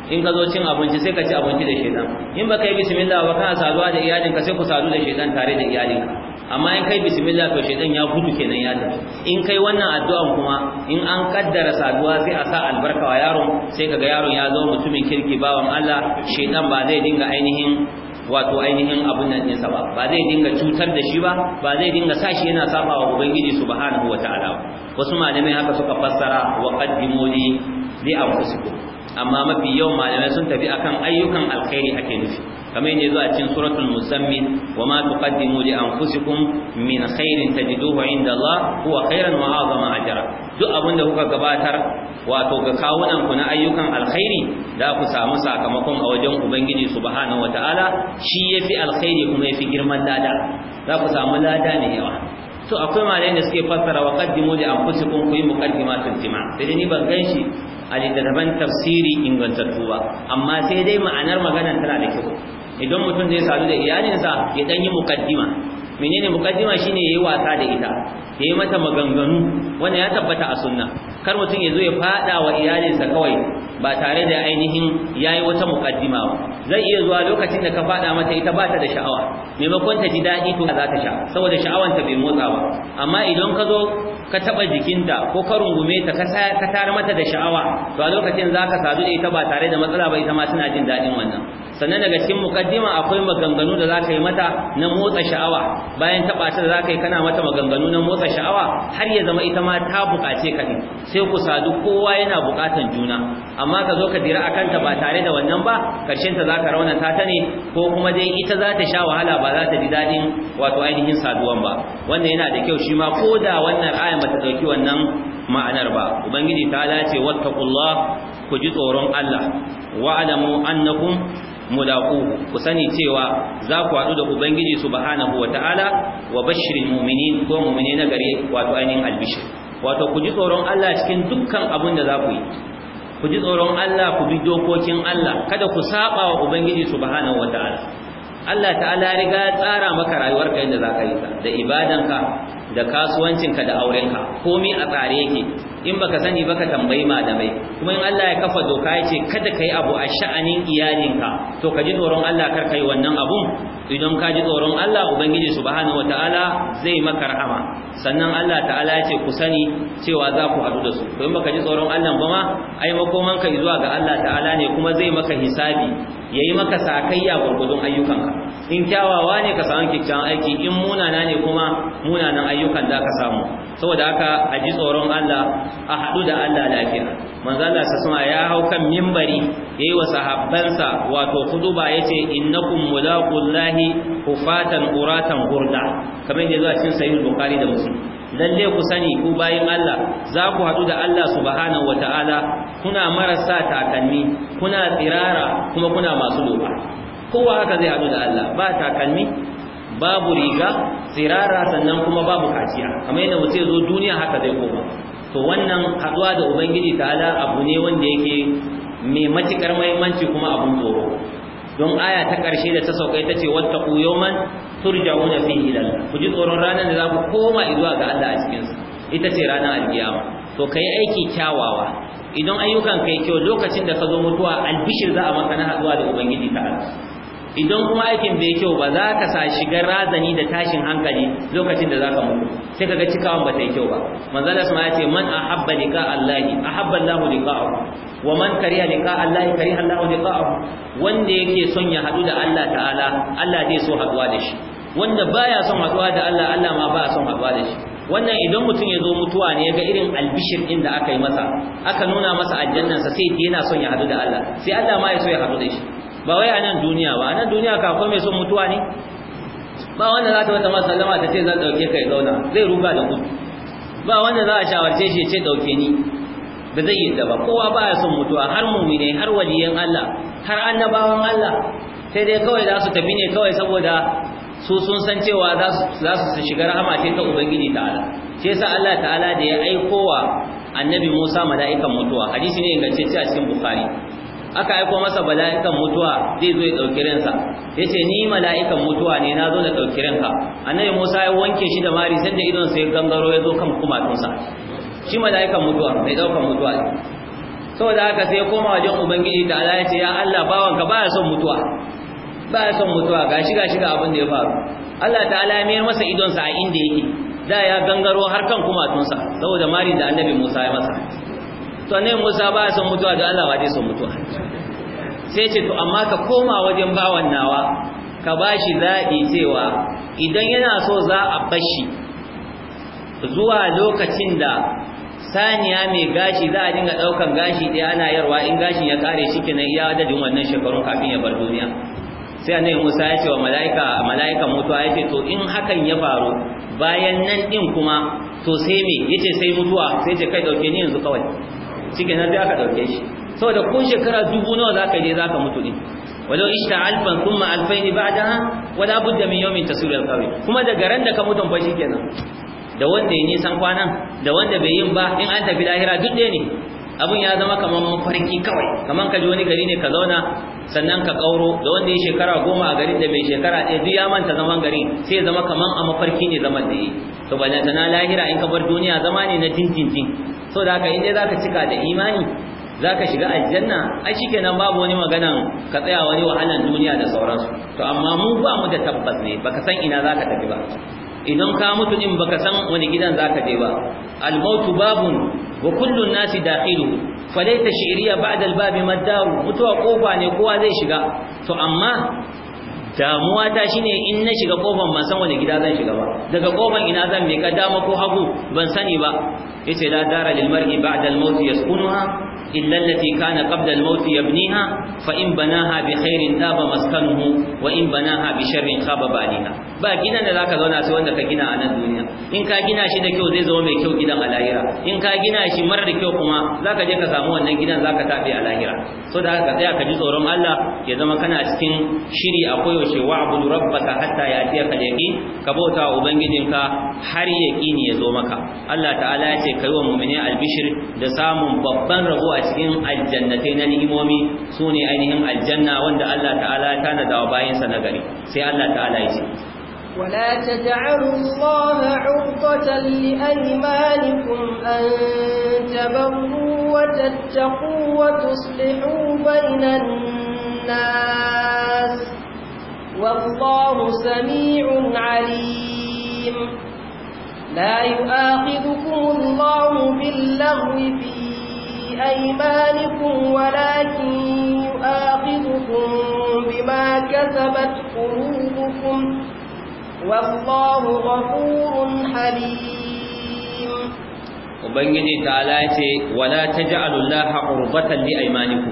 Speaker 2: in ka zo cin abinci sai ka ci abinci da shedan in baka yi bismillah ba kana saduwa da iyalinka sai ku sadu da shedan tare da iyalinka amma in kai bismillah to shedan ya gudu kenan ya tafi in kai wannan addu'an kuma in an kaddara saduwa sai a sa albarka wa yaron sai kaga yaron ya zo mutumin kirki bawan Allah shedan ba zai dinga ainihin wato ainihin abun nan ɗinsa ba ba zai dinga cutar da shi ba ba zai dinga sashi yana saba wa ubangiji subhanahu wataala wasu malamai haka suka fassara wa qaddimu li li anfusikum amma mafi yawan malamai sun tafi akan ayyukan alkhairi ake nufi kamar yadda zuwa cikin suratul musammi wa ma tuqaddimu li anfusikum min khairin tajiduhu inda Allah huwa khairan wa azama ajra duk abin da kuka gabatar wato ga kawunan ku na ayyukan alkhairi da ku samu sakamakon a wajen ubangiji subhanahu ta'ala shi yafi alkhairi kuma yafi girman lada za ku samu lada ne yawa to akwai malamai da suke fassara wa qaddimu li anfusikum ku yi muqaddimatul jima' sai ni ban ganshi a littattafan tafsiri ingantattu ba amma sai dai ma'anar maganar tana da kyau idan mutum zai sadu da iyalinsa ya dan yi mukaddima menene ne shine yi wasa da ita yayi mata maganganu wanda ya tabbata a sunna kar mutum ya zo ya fada wa iyalinsa kawai ba tare da ainihin yayi wata mukaddima ba zai iya zuwa lokacin da ka fada mata ita ba ta da sha'awa maimakon ta ji daɗi to za ta sha saboda sha'awan ta bai motsa ba amma idan ka zo ka taɓa jikinta ko ka rungume ta ka tara mata da sha'awa to a lokacin za ka sadu da ita ba tare da matsala ba ita ma tana jin daɗin wannan sannan daga cikin mukaddima akwai maganganu da zaka yi mata na motsa sha'awa bayan taba ta da zaka yi kana mata maganganu na motsa sha'awa har ya zama ita ma ta bukace ka ne sai ku sadu kowa yana bukatan juna amma ka zo ka dira akan ta ba tare da wannan ba karshen ta zaka rauna ta ta ne ko kuma dai ita za ta sha wahala ba za ta ji dadin wato ainihin saduwan ba wannan yana da kyau shi ma ko da wannan ayan ba ta dauki wannan ma'anar ba ubangiji ta dace wattaqullah ku ji tsoron Allah wa'lamu annakum mulaku ku sani cewa za ku haɗu da ubangiji subhanahu wataala wa bashirin mu'minin ko mu'mini na gare wato ainihin albishi wato ku ji tsoron Allah cikin dukkan abin da za ku yi ku ji tsoron Allah ku bi dokokin Allah kada ku saba wa ubangiji subhanahu wataala Allah ta'ala ya riga tsara maka rayuwar ka yadda za ka yi ta da ibadanka da kasuwancinka da aurenka komai a tsare yake in baka sani baka tambayi malamai kuma in Allah ya kafa doka ya ce kada kai abu a sha'anin iyalinka to ka ji tsoron Allah kar kai wannan abun idan ka ji tsoron Allah ubangiji subhanahu wataala zai maka rahama sannan Allah ta'ala ya ce ku sani cewa za ku haɗu da su to in baka ji tsoron Allah ba ma ai makoman ka zuwa ga Allah ta'ala ne kuma zai maka hisabi yayi maka sakayya gurgudun ka. in kyawawa ne ka samu kyakkyawan aiki in munana ne kuma munanan ayyukan da ka samu saboda haka a ji tsoron Allah a haɗu da Allah lafiya manzo Allah sa suma ya hau kan mimbari yayi wa sahabbansa wato ba yace innakum mulaqullahi hufatan uratan hurda kamar yadda zuwa cikin sahih bukhari da muslim lalle ku sani ku bayin Allah za ku haɗu da Allah subhanahu wataala kuna marasa takalmi kuna tsirara kuma kuna masu doka kowa haka zai hadu da Allah ba takalmi babu riga sirara, sannan kuma babu kaciya kamar yadda mutum zo duniya haka zai koma to wannan haduwa da ubangiji ta'ala abu ne wanda yake mai matukar muhimmanci kuma abun tsoro don aya ta karshe da ta sauka ita ce wattaqu yawman turja'una fi ilal ku ji tsoron ranar da za ku koma zuwa ga Allah a cikin sa ita ce ranar alkiyama to kai aiki kyawawa idan ayyukan kai kyau lokacin da ka zo mutuwa albishir za a maka na haduwa da ubangiji ta'ala idan kuma aikin bai kyau ba za ka sa shigar razani da tashin hankali lokacin da za ka mutu sai ka ga cikawan ba ta yi kyau ba manzala ma ya ce man a ahabba liqa allahi a ahabba allahu liqa'ahu wa man kariha liqa allahi kariha allahu liqa'ahu wanda yake son ya hadu da Allah ta'ala Allah zai so haɗuwa da shi wanda baya son haɗuwa da Allah Allah ma baya son haɗuwa da shi wannan idan mutum ya zo mutuwa ne ga irin albishir ɗin da aka yi masa aka nuna masa aljannansa sai yana son ya hadu da Allah sai Allah ma ya so ya hadu da shi ba wai a nan duniya ba a nan duniya ka mai son mutuwa ne ba wanda za ta wata masallama ta ce zan ɗauke kai zauna zai ruga da gudu ba wanda za a shawarce shi ce ɗauke ni ba zai yi ba kowa ba ya son mutuwa har mumine har waliyan Allah har annabawan Allah sai dai kawai za su tafi ne kawai saboda su sun san cewa za su shiga rahama ce ta ubangiji ta'ala shi yasa Allah ta'ala da ya aikowa annabi Musa mala'ikan mutuwa hadisi ne ingantacce a cikin Bukhari aka aiko masa mala'ikan mutuwa zai zo ya dauki ransa yace ni mala'ikan mutuwa ne na zo da dauki ranka annabi Musa ya wanke shi da mari sai da idon sai gangaro ya zo kan kumatunsa shi mala'ikan mutuwa mai daukan mutuwa ne saboda haka sai ya koma wajen ubangiji da Allah ya ce ya Allah bawanka baya son mutuwa baya son mutuwa gashi gashi ga abin da ya faru Allah ta'ala ya mayar masa idonsa a inda yake da ya gangaro har kan kumatunsa saboda mari da annabi Musa ya masa to ne Musa ba san mutuwa da Allah ba dai son mutuwa sai ce to amma ka koma wajen bawan nawa ka bashi zabi cewa idan yana so za a bashi zuwa lokacin da saniya mai gashi za a dinga daukan gashi daya ana yarwa in gashin ya kare shi kenan iya adadin wannan shekarun kafin ya bar duniya sai annabi Musa ya ce wa malaika malaika mutuwa yace to in hakan ya faru bayan nan din kuma to sai me yace sai mutuwa sai ce kai dauke ni yanzu kawai cikin nan sai aka dauke shi saboda ko shekara dubu nawa za ka je zaka ka mutu ne walau ishta alfan kuma alfaini ba'daha wala budda min yawmin tasiru alqawi kuma da garan da ka mutum fa shikenan da wanda ya nisan kwanan da wanda bai yin ba in an tafi lahira duk ne abun ya zama kamar mafarki kawai kamar ka je wani gari ne ka zauna sannan ka kauro da wanda ya shekara goma a garin da mai shekara ɗaya duk ya manta zaman gari sai ya zama kamar a mafarki ne zaman da yi to ba na lahira in ka bar duniya zama ne na jinjinjin so da haka in dai zaka cika da imani zaka shiga aljanna ai shikenan babu wani magana ka tsaya wani wahalan duniya da sauransu to amma mu ba mu da tabbas ne baka san ina zaka tafi ba idan ka mutu din baka san wani gidan zaka je ba al mautu babun wa kullu nasi dakhilu falaita shi'riya ba'da al babi maddaru mutuwa kofa ne kowa zai shiga to amma damuwa ta shine in na shiga kofar ban san wani gida zan shiga ba daga kofar ina zan mika dama ko hagu ban sani ba yace da dara lil mar'i ba'da al maut yaskunuha إلا التي كان قبل الموت يبنيها فإن بناها بخير ذاب مسكنه وإن بناها بشر خاب بانيها ba gina da zaka zauna sai wanda ka gina a nan duniya in ka gina shi da kyau zai zama mai kyau gidan a lahira in ka gina shi marar kyau kuma zaka je ka samu wannan gidan zaka tafi a lahira so da haka tsaya ka ji tsoron Allah ya zama kana cikin shiri a koyaushe wa abudu rabbaka hatta ya tiya ka yaki ka bauta ubangijinka har yaqini ya zo maka Allah ta'ala ya ce kai wa mu'mini albishir da samun babban rabo a cikin aljannatai na ni'imomi sune ainihin aljanna wanda Allah ta'ala ta tanada wa bayansa na gari sai Allah ta'ala
Speaker 3: ya ce
Speaker 1: ولا تجعلوا الله عرضة لأيمانكم أن تبروا وتتقوا وتصلحوا بين الناس والله سميع عليم لا يؤاخذكم الله باللغو في أيمانكم ولكن يؤاخذكم بما كسبت قلوبكم والله غفور حليم
Speaker 2: وبنجي تعالى ولا تجعلوا الله عرضة لأيمانكم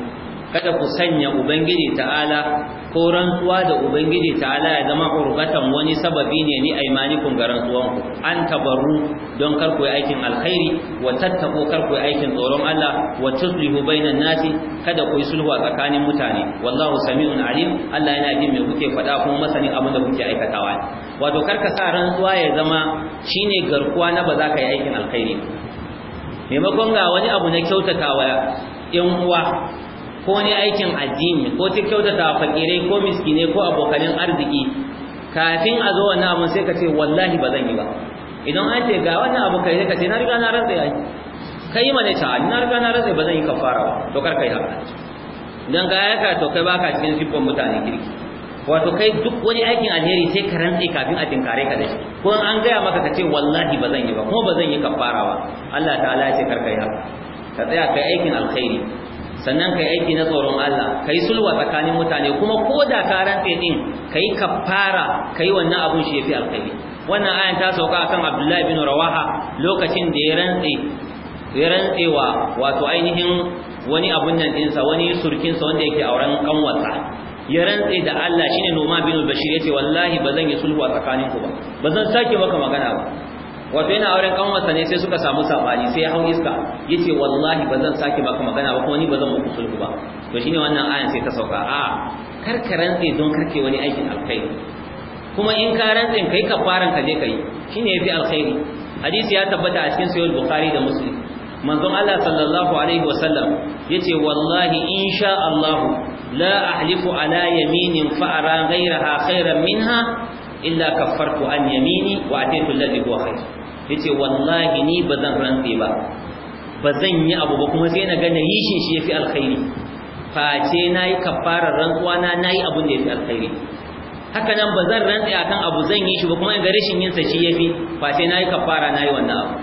Speaker 2: kada ku sanya ubangiji ta'ala ko rantsuwa da ubangiji ta'ala ya zama urbatan wani sababi ne ni aymanikum ga rantsuwan ku an tabarru don kar ku yi aikin alkhairi wa tattabu kar ku yi aikin tsoron Allah wa tuslihu bainan nasi kada ku yi sulhu a tsakanin mutane wallahu sami'un alim Allah yana jin me kuke faɗa kuma masani abin da kuke aikatawa wato kar ka sa rantsuwa ya zama shine garkuwa na ba za ka yi aikin alkhairi maimakon ga wani abu na kyautatawa yan uwa ko ne aikin addini ko ta kyautata fakirai ko miskine ko abokanin arziki kafin a zo wannan abin sai ka ce wallahi ba zan yi ba idan an ce ga wannan abu kai ka ce na riga na rantsa yayi kai mana ta na riga na rantsa ba zan yi kafara ba to kar kai haka dan ga ka to kai baka cikin sifan mutane kirki wato kai duk wani aikin alheri sai ka rantsa kafin a tinkare ka da shi ko an gaya maka ka ce wallahi ba zan yi ba kuma ba zan yi kafara ba Allah ta'ala ya ce kar kai haka ka tsaya kai aikin alkhairi sannan kai aiki na tsoron Allah kai sulwa tsakanin mutane kuma ko da ka rantse din kai kafara kai wannan abun shi yafi alkhairi wannan ayan ta sauka akan Abdullahi bin Rawaha lokacin da ya rantse ya rantsewa wato ainihin wani abun nan dinsa wani surkinsa wanda yake auren kanwarsa ya rantse da Allah shine Noma bin Bashir yace wallahi bazan yi sulhu tsakaninku ba bazan sake maka magana ba wato yana auren kanwarsa ne sai suka samu sabani sai hau iska yace wallahi ba zan sake maka magana ba kuma ni ba zan muku sulhu ba to shine wannan ayan sai ta sauka a kar ka rantse don karke wani aikin alkhairi kuma in ka rantse kai kafaran ka je kai shine yafi alkhairi hadisi ya tabbata a cikin sahih bukhari da muslim manzon Allah sallallahu alaihi wasallam yace wallahi insha Allah la ahlifu ala yaminin fa ara ghayraha khairan minha illa kaffartu an yamini wa ataitu alladhi huwa khair yace wallahi ni bazan rantsi ba bazan yi abu ba kuma sai na ga na yi shi shi yafi alkhairi face nayi kafarar rantsuwa na nayi abun da yafi alkhairi haka nan bazan rantsi akan abu zan yi shi ba kuma in ga rashin yin sa shi yafi face nayi kafara nayi wannan abu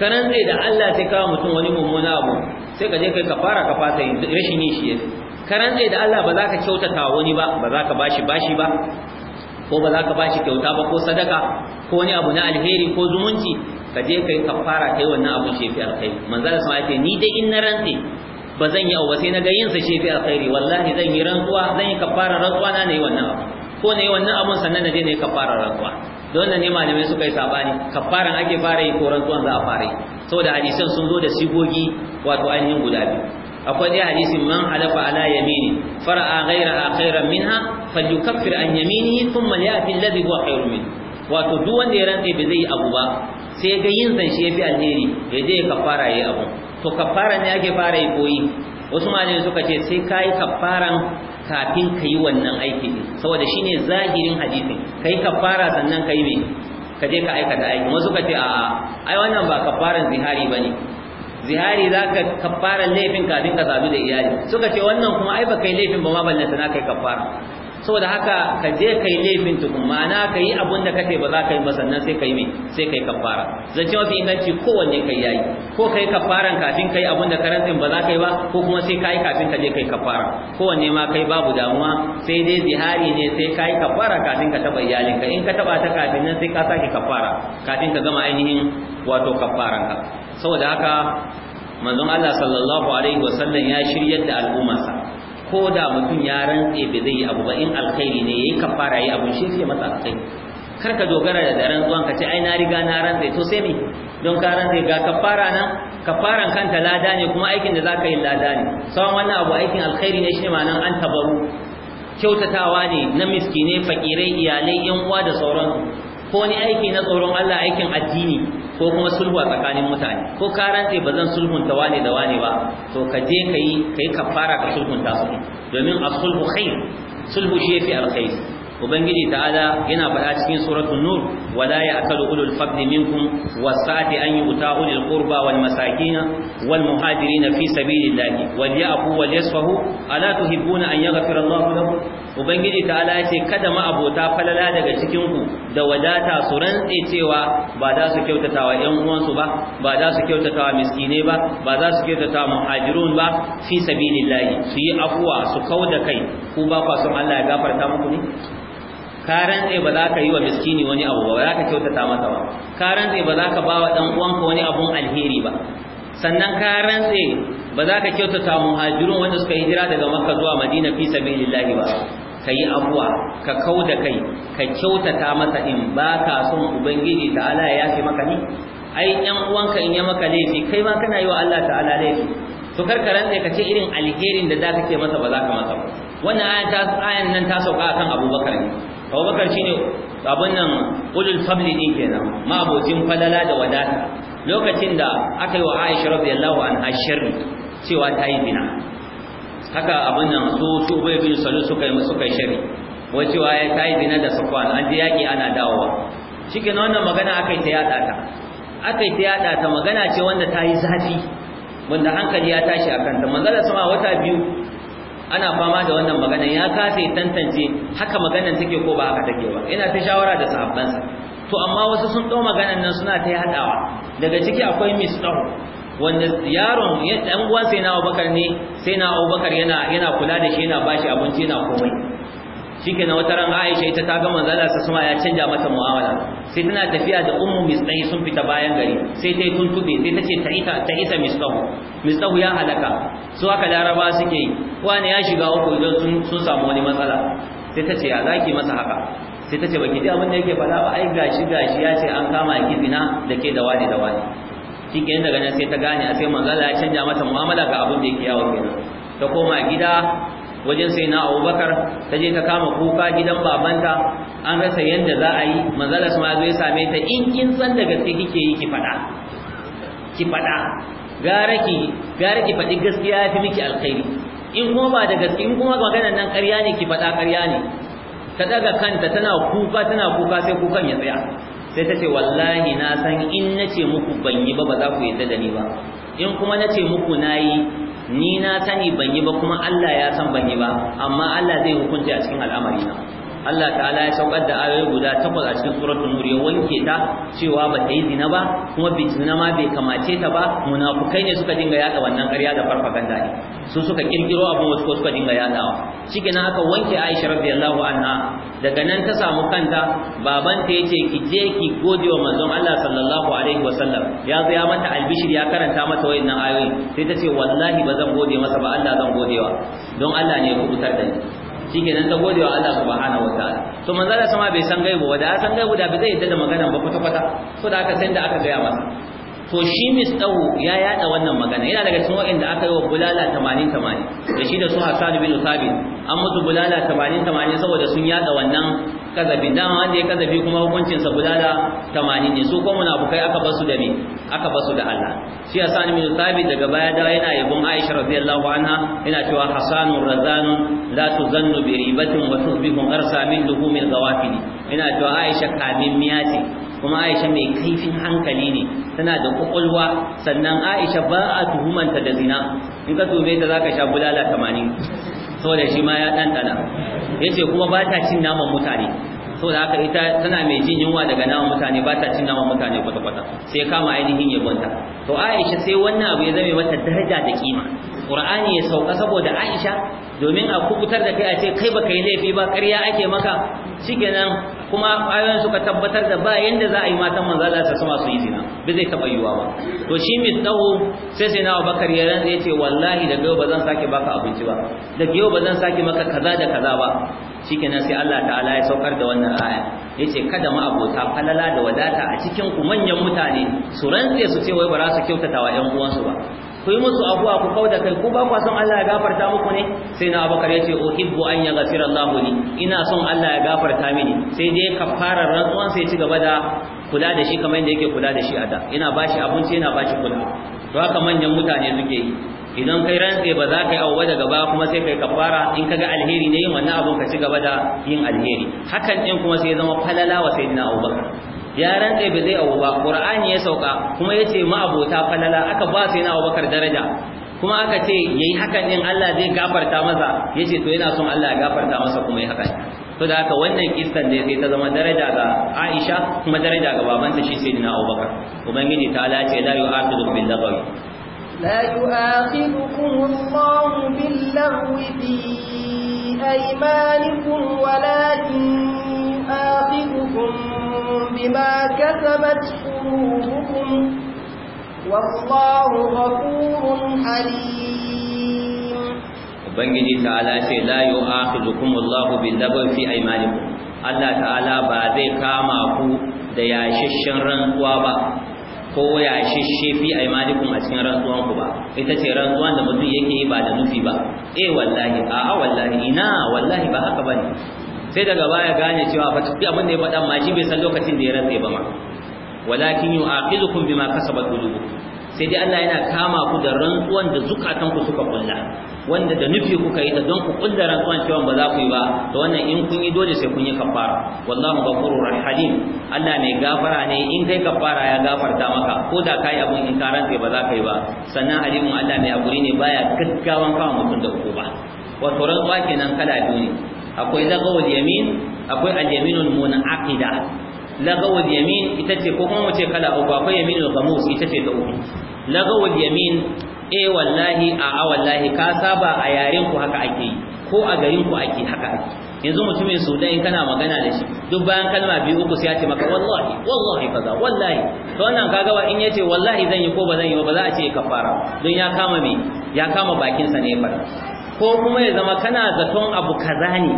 Speaker 2: ka rantsi da Allah sai ka mutum wani mummuna abu sai ka je kai kafara ka fasa yin rashin yin shi yafi ka rantsi da Allah ba za ka kyautata wani ba ba za ka bashi bashi ba ko ba za ka bashi kyauta ba ko sadaka ko wani abu na alheri ko zumunci ka je kai kafara kai wannan abu shefi alkhairi manzala sama yake ni dai in na rantse? ba zan yi abu sai na ga yin sa shefi alkhairi wallahi zan yi rantsuwa zan yi kafara rantsuwa na yi wannan abu ko na yi wannan abun sannan na je na ne kafara rantsuwa don nan ne malamai suka yi sabani kafaran ake fara yi ko rantsuwan za a fara yi saboda hadisan sun zo da sigogi wato ainihin guda biyu akwai dai hadisin man halafa ala yamini fara'a ghayraha khairan minha falyukaffir an yaminihi thumma liyati alladhi huwa khairun minhu wato duk wanda ya rantse bai zai yi abu ba sai ga yin zan shi fi alheri ya je kafara yayi abu to kafara ne ake fara yi koyi wasu malami suka ce sai kai kafaran kafin kai wannan aiki saboda shine zahirin hadisin kai kafara sannan kai me ka je ka aikata aiki wasu suka ce a'a ai wannan ba kafaran zihari bane zihari zaka kafaran laifin kafin ka sadu da iyali suka ce wannan kuma ai ba kai laifin ba ma balle sana kai kafara saboda haka ka je kai laifin tukun ma'ana ka yi abin da kace ba za ka yi ba sannan sai ka yi mai sai ka yi kafara zance wasu inganci kowanne kai yayi ko ka yi kafaran kafin ka yi abin da karantin ba za ka yi ba ko kuma sai ka yi kafin ka je ka yi kafara kowanne ma kai babu damuwa sai dai zihari ne sai ka yi kafara kafin ka taɓa iyalinka in ka taɓa ta kafin nan sai ka sake kafara kafin ka gama ainihin wato kafaranka saboda haka manzon Allah sallallahu alaihi wasallam ya shiryar da al'ummarsa ko da mutum ya rantse ba zai yi abu ba in alkhairi ne yayi kafara yi abu shi sai masa alkhairi kar ka dogara da rantsuwan ka ce ai na riga na rantse to sai me don ka rantse ga kafara nan kafaran kanta lada ne kuma aikin da zaka yi lada ne sawan wannan abu aikin alkhairi ne shine ma'anan an tabaru kyautatawa ne na miskine fakirai iyalai yan uwa da sauran ko ni aiki na tsoron Allah aikin addini ko kuma sulhu a tsakanin mutane ko ka rantse ba zan sulhunta wane da wane ba to ka je ka yi ka yi kafara ka sulhunta su domin a sulhu khair sulhu shi yafi alkhair ubangiji ta'ala yana faɗa cikin suratul nur wala ya'kalu ulul fadli minkum wasati an yu'ta ulul qurba wal masakin wal muhajirin fi sabilillahi wal ya'fu wal yasfahu ala tuhibbuna an yaghfira Allahu lakum ubangiji ta ala ce kada ma abota falala daga cikin ku da wadata su rantse cewa ba za su kyautatawa yan uwansu ba ba za su kyautata wa miskine ba ba za su kyautatawa muhajirun ba fi sabilillahi su yi afuwa su kauda kai ku ba kwa son Allah ya gafarta muku ne ka rantse ba za ka yi wa miskini wani abu ba za ka kyautata masa ba ka rantse ba za ka ba wa ɗan uwanka wani abun alheri ba sannan ka rantse ba za ka kyautata muhajirun wanda suka hijira daga makka zuwa madina fi sabilillahi ba ka yi abuwa ka kau da kai ka kyautata masa in ba ka son ubangiji ta Allah ya fi maka ni ai yan uwanka in ya maka laifi kai ma kana yi wa Allah ta'ala laifi to karkaran ka ce irin alherin da ka ke masa ba za ka masa ba wannan ayan ta ayan nan ta sauka akan Abubakar ne Abubakar shine abun nan ulul fadli din kenan ma falala da wadata lokacin da aka yi wa Aisha radiyallahu anha sharri cewa ta yi bina haka abin nan su su bai bin salu suka yi suka shari wai cewa ya tayi zina da safwan an je yaki ana dawowa cikin wannan magana akai ta yada ta akai ta yada ta magana ce wanda ta yi zafi wanda hankali ya tashi akan ta manzala sama wata biyu ana fama da wannan magana ya kasa tantance haka maganar take ko ba haka take ba ina ta shawara da sahabbansa to amma wasu sun dau maganar nan suna ta yadawa daga ciki akwai misdahu wanda yaron dan uwan sai na Abubakar ne sai na Abubakar yana yana kula da shi yana bashi abinci yana komai na wata ran Aisha ita ta ga manzo Allah sama ya canja mata mu'amala sai tana tafiya da ummu misdai sun fita bayan gari sai ta tuntube sai ta ce ta ita ta isa misdahu misdahu ya halaka su aka laraba suke yi wani ya shiga uku idan sun sun samu wani matsala sai ta ce ya zaki masa haka sai ta ce baki ji abin da yake faɗa ba ai gashi gashi ya ce an kama ki zina da ke da wani da wani ke daga nan sai ta gane a sai Manzala ya canja mata mu'amala ga abin da yake yawo kenan ta koma gida wajen sai na abubakar ta je ta kama kuka gidan babanta an rasa yadda za a yi manzala su ma zai ya same ta in kin san da gaske kike yi ki faɗa ki faɗa gara ki gara ki faɗi gaskiya ya fi miki alkhairi in kuma ba da gaske in kuma maganar nan ƙarya ne ki faɗa ƙarya ne ta daga kanta tana kuka tana kuka sai kukan ya tsaya sai ta ce wallahi na san in nace muku ban yi ba ba za ku yarda da ni ba in kuma nace muku nayi ni na sani ban yi ba kuma Allah ya san ban yi ba amma Allah zai hukunta a cikin al'amari na Allah ta'ala ya saukar da ayoyi guda takwas a cikin suratul nur ya wanke ta cewa ba ta yi zina ba kuma bi zina ma bai kamace ta ba munafukai ne suka dinga yada wannan ƙarya da farfaganda ne su suka kirkiro abin wasu suka dinga yadawa na aka wanke Aisha radiyallahu anha daga nan ta samu kanta babanta yace ki je ki gode wa manzon Allah sallallahu alaihi wasallam ya zo ya mata albishir ya karanta mata wayannan ayoyi sai ta ce wallahi ba zan gode masa ba Allah zan godewa don Allah ne ya rubutar da ni shikenan ta gode wa Allah subhanahu wataala to manzo Allah sama bai san gaibu ba da san gaibu da bai zai yadda da maganar ba kwata kwata so da aka san da aka gaya masa to shi mistahu ya yada wannan magana yana daga cikin wa'anda aka yi wa bulala 80 80 da shi da su Hassan bin Thabit an mutu bulala 80 80 saboda sun yada wannan kazabi dan wanda ya kazabi kuma hukuncin sa bulala 80 ne su ko munafukai aka basu da me aka basu da Allah shi Hassan bin Thabit daga baya da yana yabon Aisha radiyallahu anha yana cewa Hassanur Razanun la tuzannu bi ribatin wa tusbihu arsa min luhumil gawafili yana cewa Aisha kamimmiya ce kuma Aisha mai kaifin hankali ne tana da kokolwa sannan Aisha ba a tuhumanta da zina in ka tume ta zaka sha bulala 80 saboda shi ma ya ya yace kuma ba ta cin naman mutane saboda haka ita tana mai jin yunwa daga naman mutane ba ta cin naman mutane kwata kwata sai ya kama ainihin ya gwanta. to Aisha sai wannan abu ya zame mata daraja da kima Qur'ani ya sauka saboda Aisha domin a kubutar da kai a ce kai baka yi laifi ba ƙarya ake maka shikenan kuma ayoyin suka tabbatar da ba yanda za a yi matan manzo Allah sai suma su yi zina ba zai taba yiwa ba to shi mistahu sai sai na Abubakar ya rantsa ce wallahi daga yau ba zan sake baka abinci ba daga yau ba zan sake maka kaza da kaza ba shikenan sai Allah ta'ala ya saukar da wannan aya yace kada ma abota falala da wadata a cikin ku manyan mutane su rantse su ce wai ba za su kyautata wa ƴan uwansu ba ku yi musu abuwa ku da kai ku ba ku son Allah ya gafarta muku ne sai na Abubakar ya ce uhibbu an yaghfira Allah ni. ina son Allah ya gafarta mini sai dai kafarar rantsuwan sai ci gaba da kula da shi kamar yadda yake kula da shi a da ina bashi abinci ina bashi kula to haka manyan mutane suke yi idan kai rantse ba za ka yi abuwa daga ba kuma sai kai kafara in ka ga alheri ne yin wannan abun ka ci gaba da yin alheri hakan din kuma sai ya zama falala wa sayyidina Abubakar ya rantsa ba zai abu ba qur'ani ya sauka kuma yace ma abota falala aka ba sai na abubakar daraja kuma aka ce yayi hakan din Allah zai gafarta masa yace to yana son Allah ya gafarta masa kuma yayi hakan to da haka wannan kissan ne sai ta zama daraja ga Aisha kuma daraja ga babanta shi sai dina Abubakar ubangiji ta Allah ce la yu'akhidhu bil lagwi
Speaker 1: la yu'akhidhukum Allahu bil lagwi bi aymanikum walakin yu'akhidhukum بما كسبت قلوبكم والله غفور حليم
Speaker 2: ubangiji ta'ala ce la yu'akhidhukum Allahu bil lagwi fi aymanikum Allah ta'ala ba zai kama ku da yashishshin rantsuwa ba ko yashishe fi aymanikum a cikin rantsuwan ku ba ita ce rantsuwan da mutum yake yi ba da nufi ba eh wallahi a'a wallahi ina wallahi ba haka bane sai daga baya gane cewa fa tafi abin da ya faɗa ma shi bai san lokacin da ya rantsa ba ma walakin yu'aqidukum bima kasabat qulubukum sai dai Allah yana kama ku da rantsuwan da zukatan ku suka kulla wanda da nufi kuka yi da don ku kulla rantsuwan cewa ba za ku yi ba to wannan in kun yi dole sai kun yi kafara wallahu ghafurur rahim Allah mai gafara ne in kai kafara ya gafarta maka ko da kai abun in ka rantsa ba za ka yi ba sannan alimu Allah mai hakuri ne baya gaggawan kawo mutum da uku ba wato rantsuwa kenan kala biyu ne akwai lagawul yamin akwai al-yaminul munaqida lagawul yamin ita ce ko kuma mu ce kala uku akwai yaminul gamus ita ce ta uku lagawul yamin A e, wallahi a a wallahi ka saba a yaren ku haka ake yi ko a garin ku ake haka ake yanzu mutumin sudan in kana magana da shi duk bayan kalma biyu uku sai ya ce maka wallahi wallahi kaza wallahi to wannan kaga wa in yace wallahi zan yi ko ba zan yi ba za a ce kafara don ya kama me ya kama bakin sa ne fara ko kuma ya zama kana zaton abu kaza ne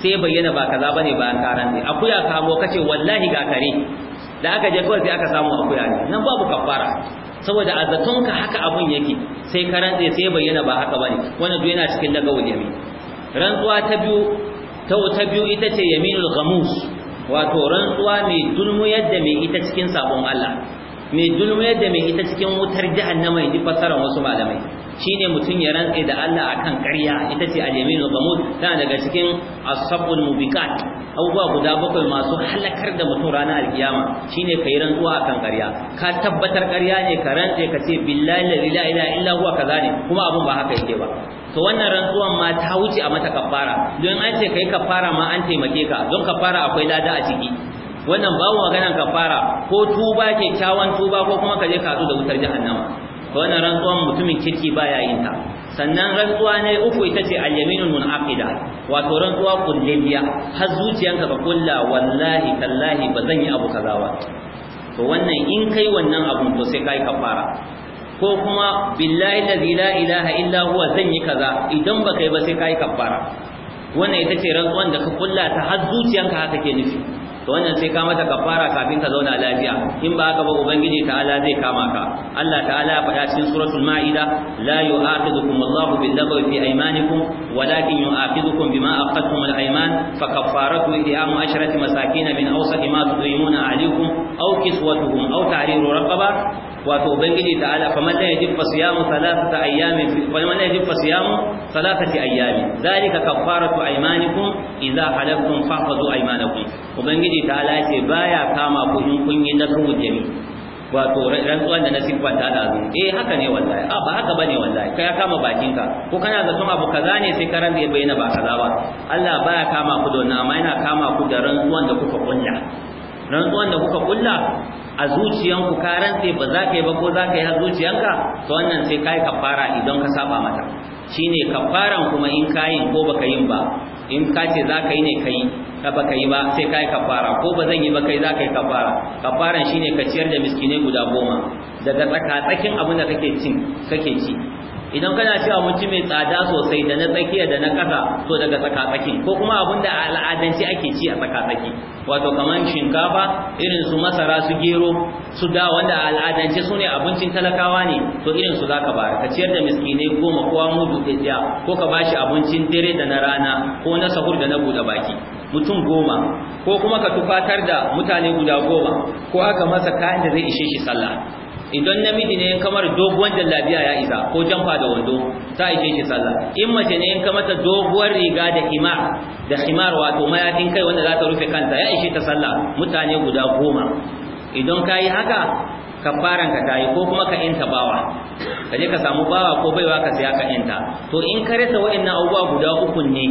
Speaker 2: sai bayyana ba kaza bane ba karan ne akuya kamo kace wallahi ga kare da aka je kawai sai aka samu akuya ne nan babu kafara saboda a zaton ka haka abun yake sai karan sai bayyana ba haka bane wannan duk yana cikin lagawul yamin rantsuwa ta biyu ta wuta biyu ita ce yaminul ghamus wato rantsuwa mai dulmu yadda mai ita cikin sabon Allah mai dulmu yadda mai ita cikin wutar jahannama in ji wasu malamai shine mutum ya rantsa da Allah akan ƙarya ita ce al-yaminu tana daga cikin asabul mubiqat abubuwa guda bakwai masu halakar da mutum ranar alkiyama shine kai rantsuwa akan ƙarya ka tabbatar ƙarya ne ka rantsa ka ce billahi la ilaha illa huwa kaza ne kuma abun ba haka yake ba to wannan rantsuwan ma ta wuce a mata kafara don an ce kai kafara ma an taimake ka don kafara akwai lada a ciki wannan babu maganan kafara ko tuba kyakkyawan tuba ko kuma ka je ka da wutar jahannama wani rantsuwan mutumin kirki baya yin ta sannan rantsuwa na uku ita ce al-yaminul munaqida wato rantsuwa kulliya har zuciyanka ka kulla wallahi tallahi ba zan yi abu kaza ba to wannan in kai wannan abun to sai kai fara, ko kuma billahi allazi la ilaha illa huwa zan yi kaza idan ba kai ba sai kai fara. wannan ita ce rantsuwan da ka kulla ta har zuciyanka haka ke nufi to wannan sai ka mata kafara kafin ka zauna lafiya in ba haka ba ubangiji ta'ala zai kama ka Allah ta'ala ya faɗa cikin suratul ma'ida la yu'akhidhukum Allahu bil lagwi fi aymanikum walakin yu'akhidhukum bima aqadtum al ayman fa kaffaratu i'amu ashrati masakin min awsati ma tudrimuna alaykum aw kiswatuhum aw tahriru raqaba wato ubangiji ta'ala faman la yajib fasiyamu thalathata ayyamin faman la yajib fasiyamu thalathati ayyamin dhalika kaffaratu aymanikum idha halaftum fahfazu aymanakum ubangiji ta lace baya kama ku in kun yi nasru jami wato rantsuwan da na siffanta da azu eh haka ne wallahi a ah, ba haka bane wallahi kai ya kama bakinka ko kana zaton abu kaza ne sai karan da ya bayyana ba kaza ba Allah baya kama ku da amma yana kama ku da rantsuwan da kuka kulla rantsuwan da kuka kulla a zuciyanku karan sai ba za ka yi ba ko za ka yi a zuciyanka to wannan sai kai kafara idan ka saba mata shine kafaran kuma in kayin ko baka yin ba in ka ce za ka yi ne ka yi ka ba ka yi ba sai ka yi kafara ko ba zan yi ba kai za ka yi kafara kafaran shine ka ciyar da miskinai guda goma daga tsaka tsakin abin da kake cin kake ci idan kana cewa abinci mai tsada sosai da na tsakiya da na ƙasa to daga tsakatsaki ko kuma abin da al'adanci ake ci a tsakatsaki wato kamar shinkafa irin su masara su gero su da wanda al'adance su ne abincin talakawa ne to irin su zaka ba ka ciyar da miskinai goma kowa mudu ɗaya ko ka bashi abincin dare da na rana ko na sahur da na buɗe baki mutum goma ko kuma ka tufatar da mutane guda goma ko aka masa kayan da zai ishe shi sallah idan namiji ne kamar doguwar lafiya ya isa ko jamfa da wando ta aike shi sallah in mace ne kamar ta doguwar riga da himar da himar wato mayafin kai wanda za ta rufe kanta ya ishe ta sallah mutane guda goma idan ka yi haka kafaranka ka yi ko kuma ka inta bawa ka je ka samu bawa ko baiwa ka saya ka inta to in ka rasa wa'annan abubuwa guda uku ne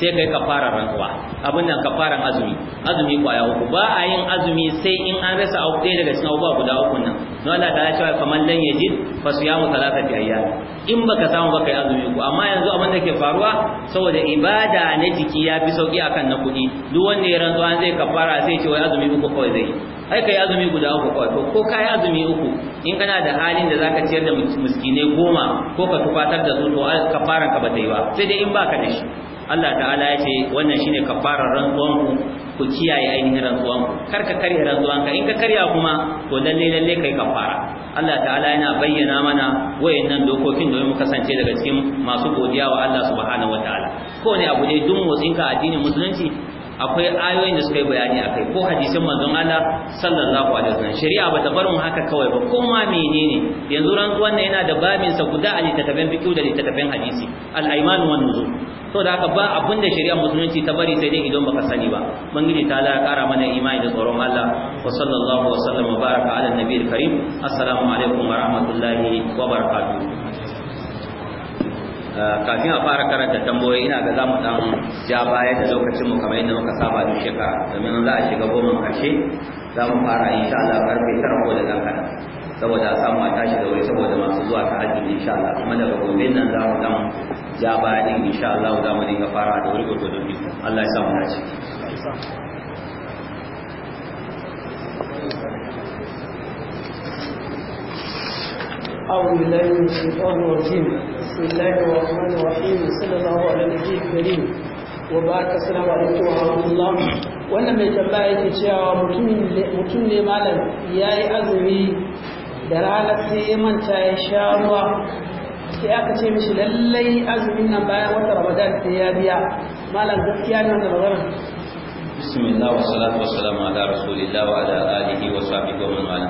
Speaker 2: sai kai kafaran rantsuwa abin nan kafaran azumi azumi kwaya uku ba a yin azumi sai in an rasa abu daga cikin abubuwa guda uku nan don Allah ta cewa dan ya ji fa siyamu thalathati ayyam in baka samu baka yi azumi ku amma yanzu abin da ke faruwa saboda ibada na jiki ya fi sauki akan na kuɗi duk wanda ya rantsuwa zai kafara zai ce wai azumi uku kawai zai ai kai azumi guda uku kawai to ko kai azumi uku in kana da halin da zaka ciyar da miskinai goma ko ka tufatar da su to kafaran ka ba ta yi ba sai dai in baka da shi Allah ta'ala ya ce wannan shine kafarar rantsuwan ku ku kiyaye ainihin rantsuwan ku kar ka karya rantsuwan ka in ka karya kuma to lalle lalle kai kafara Allah ta'ala yana bayyana mana wayannan dokokin domin mu kasance daga cikin masu godiya wa Allah subhanahu wataala ko ne abu ne duk motsin ka addinin musulunci akwai ayoyin da suka yi bayani akai ko hadisin manzon Allah sallallahu alaihi wasallam shari'a bata bar mu haka kawai ba ko ma menene yanzu rantsuwan wannan yana da babin sa guda a littattafan fiqh da littattafan hadisi al-ayman wan da haka ba abin da shari'ar musulunci ta bari sai dai idan baka sani ba bangiji ta ya kara mana imani da tsoron Allah wa sallallahu wa sallam baraka ala nabiyil karim assalamu alaikum wa rahmatullahi wa barakatuh uh, kafin a fara karanta tambayoyi ina ga zamu dan ja baya da lokacin mu kamar yadda muka saba duk shekara domin za a shiga goma karshe mu fara insha Allah karfe 9 ko da dan saboda a samu a tashi da wuri saboda masu zuwa ta hajji insha Allah kuma daga gobe nan za mu dan ya baya din insha Allah za mu dinga fara da wuri goto da Allah ya sa mu dace
Speaker 3: أعوذ بالله من الشيطان الرجيم بسم الله الرحمن الرحيم صلى الله على النبي الكريم وبارك wannan mai tambaya yake cewa mutum ne malam ya yi azumi da ranar sai manta ya sha ruwa sai aka ce mishi lallai azumin nan bayan wata ramadan sai ya biya malam gaskiya ne wannan maganar
Speaker 2: bismillah wa salatu wa salam ala rasulillah wa ala alihi wa sahbihi wa man wala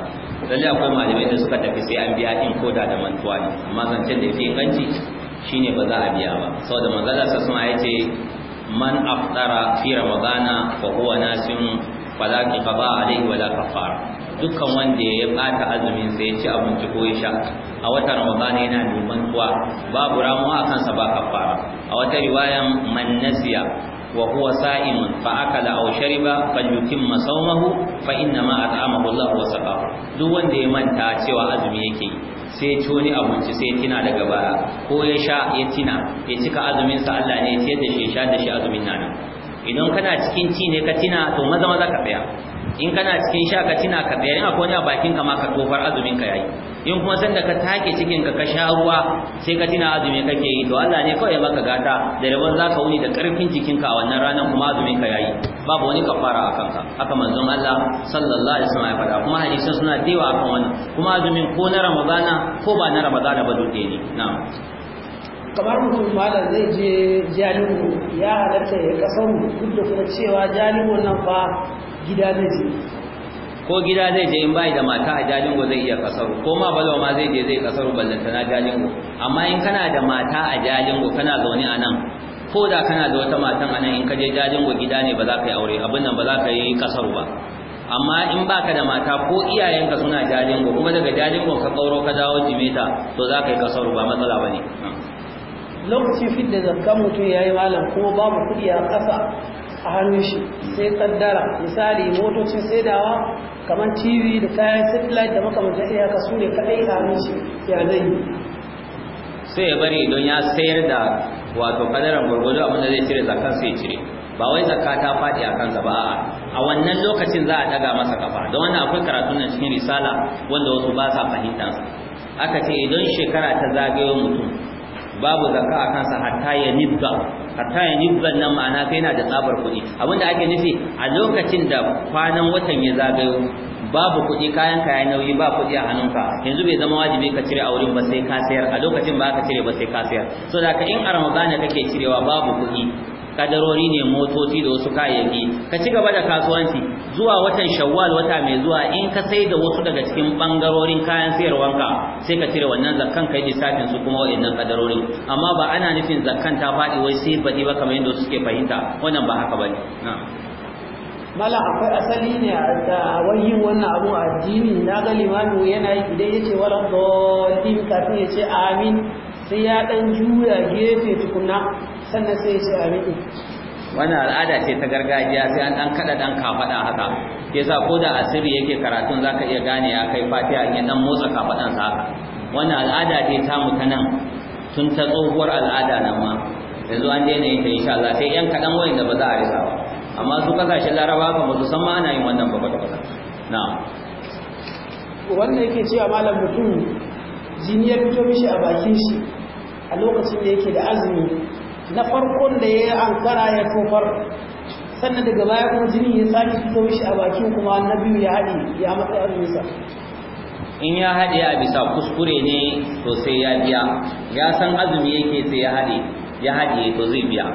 Speaker 2: lallai akwai malamai da suka tafi sai an biya din ko da da mantuwa ne amma zancen da yake kanci shine ba za a biya ba saboda manzala sassuma ya ce man aftara fi ramadana fa huwa nasim fala qada alayhi wala kafara dukkan wanda ya bata azumin sai ya ci abinci ko ya sha a watan ramadana yana neman kuwa babu ramuwa akan sa ba kafara a wata riwayan man nasiya wa huwa sa'im fa akala aw shariba falyutimma sawmahu fa inna ma at'amahu Allah wa saqa duk wanda ya manta cewa azumi yake sai ci wani abinci sai tina daga baya ko ya sha ya tina ya cika azumin sa Allah ne ya ciyar da shi sha da shi azumin nan idan kana cikin ci ne ka tina to maza maza ka tsaya in kana cikin sha ka tina ka tsayar in akwai wani a bakin ka ma ka tofar azumin ka yayi in kuma sanda ka take cikin ka ka sha ruwa sai ka tina azumi kake yi to Allah ne kawai maka gata da rabon zaka wuni da karfin jikin ka wannan ranan kuma azumin ka yayi babu wani kafara a kanka. haka manzon Allah sallallahu alaihi wasallam ya faɗa kuma hadisan suna dewa akan wannan kuma azumin ko na Ramadana ko ba na Ramadana ba dole ne na'am
Speaker 3: kamar mutum malam zai je jalibu ya halatta ya kasar duk da kuma cewa jalibu nan fa gida zai je
Speaker 2: ko gida zai je in bai da mata a jalingo zai iya kasaru ko ma balawa ma zai je zai kasaru ballanta na jalingo amma in kana da mata a jalingo kana zaune a nan ko da kana da wata matan a nan in ka je jalingo gida ne ba za ka yi aure abin nan ba za ka yi kasaru ba amma in baka da mata ko iyayenka suna jalingo kuma daga jalingo ka kauro ka dawo jimeta to za ka yi kasaru ba matsala ba ne
Speaker 3: lokacin fit da zakka mutum ya yi malam ko babu kuɗi a ƙasa a hannun shi sai kaddara misali motocin saidawa kamar tv da kayan satellite da makamantar iyaka su ne kaɗai a hannun shi ya zai yi
Speaker 2: sai ya bari don ya sayar da wato kadaran gurgudu da zai cire zakan sai cire ba wai zakka ta faɗi a kansa ba a wannan lokacin za a daga masa kafa don wannan akwai karatu na cikin risala wanda wasu ba sa fahimtansa aka ce idan shekara ta zagayo mutum babu zakka a kansa hatta ya nibba hatta ya nibban nan ma'ana kai yana da tsabar kuɗi abinda ake nufi a lokacin da kwanan watan ya zagayo babu kuɗi kayan kaya nauyi ba kuɗi a hannunka yanzu bai zama wajibi ka cire a wurin ba sai ka sayar a lokacin ba ka cire ba sai ka sayar so da in a ramadana kake cirewa babu kuɗi kadarori ne motoci da wasu kayayyaki ka ci gaba da kasuwanci zuwa watan shawwal wata mai zuwa in ka sai da wasu daga cikin bangarorin kayan sayarwanka sai ka cire wannan zakkan kai lissafin su kuma wa'annan kadarori amma ba ana nufin zakkan ta faɗi wai sai baɗi ba kamar yadda suke fahimta wannan ba haka bane
Speaker 3: mala akwai asali ne a wayin wannan abu a addini na ga limamin yana yi idan ya ce wala dalil kafin ya amin sai ya dan juya gefe tukunna sannan sai sai a riƙe
Speaker 2: wannan al'ada ce ta gargajiya sai an dan kada dan kafada haka yasa ko da asiri yake karatun zaka iya gane ya kai fatiha in dan motsa kafadan sa haka wannan al'ada ce ta mu nan tun ta tsohuwar al'ada nan ma yanzu an daina yin ta insha Allah sai yan kadan da ba za a risa ba amma su kasashen Larabawa ba su san ma ana yin wannan ba kwata kwata na'am
Speaker 3: wannan yake cewa malam mutum jini ya fito mishi a bakin shi a lokacin da yake da azumi na farkon da ya ankara ya tofar sannan daga baya kuma jini ya sake fito shi a bakin kuma annabi ya haɗe ya matsa abinsa
Speaker 2: in ya haɗe a bisa kuskure ne to sai ya biya ya san azumi yake sai ya haɗe ya haɗe to zai biya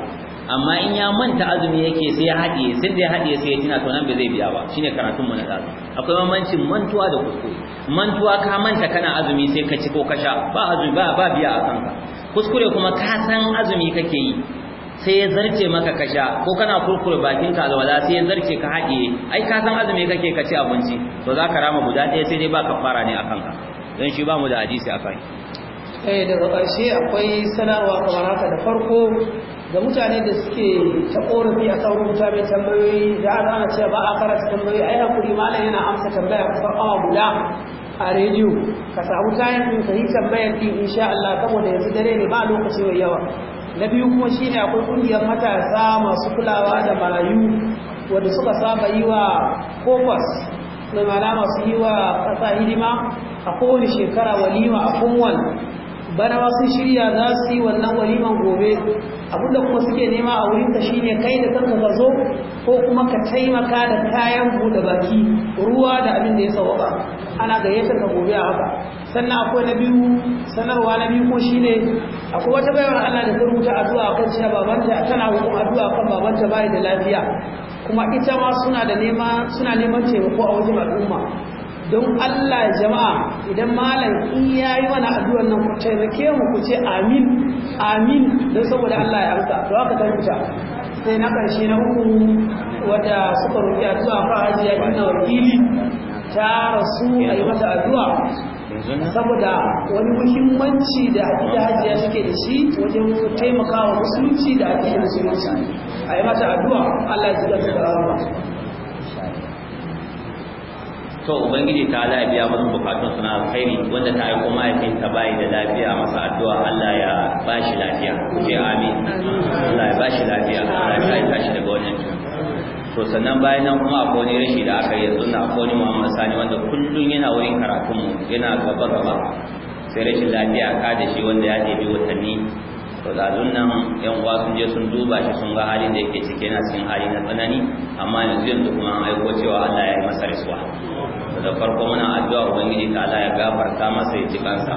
Speaker 2: amma in ya manta azumi yake sai ya haɗe sai da ya haɗe sai ya tuna to nan ba zai biya ba shine karatun mu na tsaro akwai mamancin mantuwa da kuskure mantuwa ka manta kana azumi sai ka ci ko ka sha ba azumi ba ba biya a kanka kuskure kuma ka san azumi kake yi sai ya zarce maka kasha ko kana kurkure bakin ka alwala sai ya zarce ka haɗiye ai ka san azumi kake ka ci abinci to za ka rama guda ɗaya sai dai ba ka fara ne a kanka don shi ba mu da hadisi a kai
Speaker 3: eh daga ƙarshe akwai sanarwa kamar haka da farko ga mutane da suke ta korafi a sauran mutane mai tambayoyi da ana cewa ba a karanta tambayoyi ai hakuri malam yana amsa tambaya kusan awa guda a rediyo ka samu tayan ɗin ka yi tambayar ɗin insha Allah saboda yanzu dare ne ba lokaci mai yawa na biyu kuma shi ne akwai ƙungiyar matasa masu kulawa da marayu wanda suka saba yi wa kofas mai mana masu yi wa ƙasa hidima a kowane shekara walima a kowane bana wasu sun shirya za su yi wannan waliman gobe abinda kuma suke nema a wurinka shine kai da kanka ka zo ko kuma ka taimaka da kayan bude baki ruwa da abin da ya ba. ana gayyatar ka gobe a haka sannan akwai na biyu sanarwa na biyu ko shine akwai wata bayar Allah da ta rubuta addu'a kan cewa babanta tana hukum addu'a kan babanta bai da lafiya kuma ita ma suna da nema suna neman taimako a wajen al'umma don Allah jama'a idan malam in yayi mana addu'ar nan ku taimake mu ku ce amin amin don saboda Allah ya amsa to haka ta rubuta sai na karshe na uku wata suka roƙi addu'a fa hajiya inna wakili ta rasu a yi mata addu'a saboda wani muhimmanci da haƙiƙa hajiya suke da shi wajen taimakawa musulunci da haƙiƙa musulunci a yi mata addu'a Allah ya ji da ta
Speaker 2: to ubangiji ta ala biya musu bukatun suna alkhairi wanda ta aiko ta bayi da lafiya masa addu'a Allah ya bashi lafiya ce amin Allah ya bashi lafiya Allah ya tashi daga wannan to sannan bayan nan kuma akwai wani rashi da aka yi yanzu na akwai wani Muhammad Sani wanda kullun yana wurin karatun mu yana gaba gaba sai rashin lafiya ka da shi wanda ya ɗebi watanni to da nan yan uwa sun je sun duba shi sun ga halin da yake ciki yana cikin hali na tsanani amma yanzu yanzu kuma an aiko cewa Allah ya yi masa rasuwa da farko muna addu'a ubangiji ta Allah ya gafarta masa ya kansa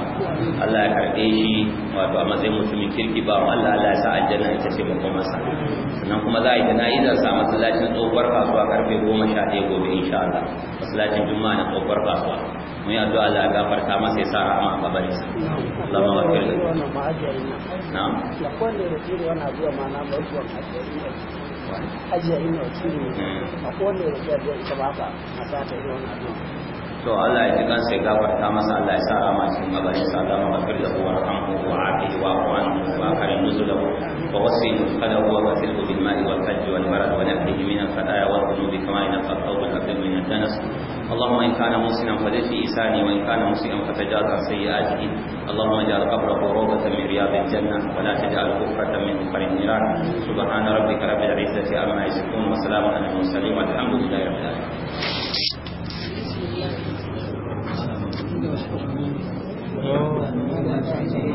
Speaker 2: Allah ya karbe shi wato a matsayin mutumin kirki ba mu Allah Allah ya sa aljanna ita ce masa sannan kuma za a yi jana'izar sa masallacin tsohuwar kasuwa karfe 11 gobe insha Allah masallacin juma'a na tsohuwar kasuwa mu yi addu'a Allah ya gafarta masa ya sa rahama a kabari sa Allahumma ghafir
Speaker 3: na'am ajiya ina wakili ne a kowane da da ita ba ka a sa ta yi wani addu'a to Allah ya ji kansa ya gafarta masa Allah ya sa rama cikin gabarin sa Allah
Speaker 2: ma fil lahu warhamhu wa afihi kada ma'i kama اللهم إن كان موسنا فزد في وإن كان موسنا فتجاز عن سيئاته اللهم اجعل قبره روضة من رياض الجنة ولا تجعل كفرة من كفر النيران سبحان ربك رب العزة أما يصفون وسلام على المرسلين والحمد لله رب
Speaker 3: العالمين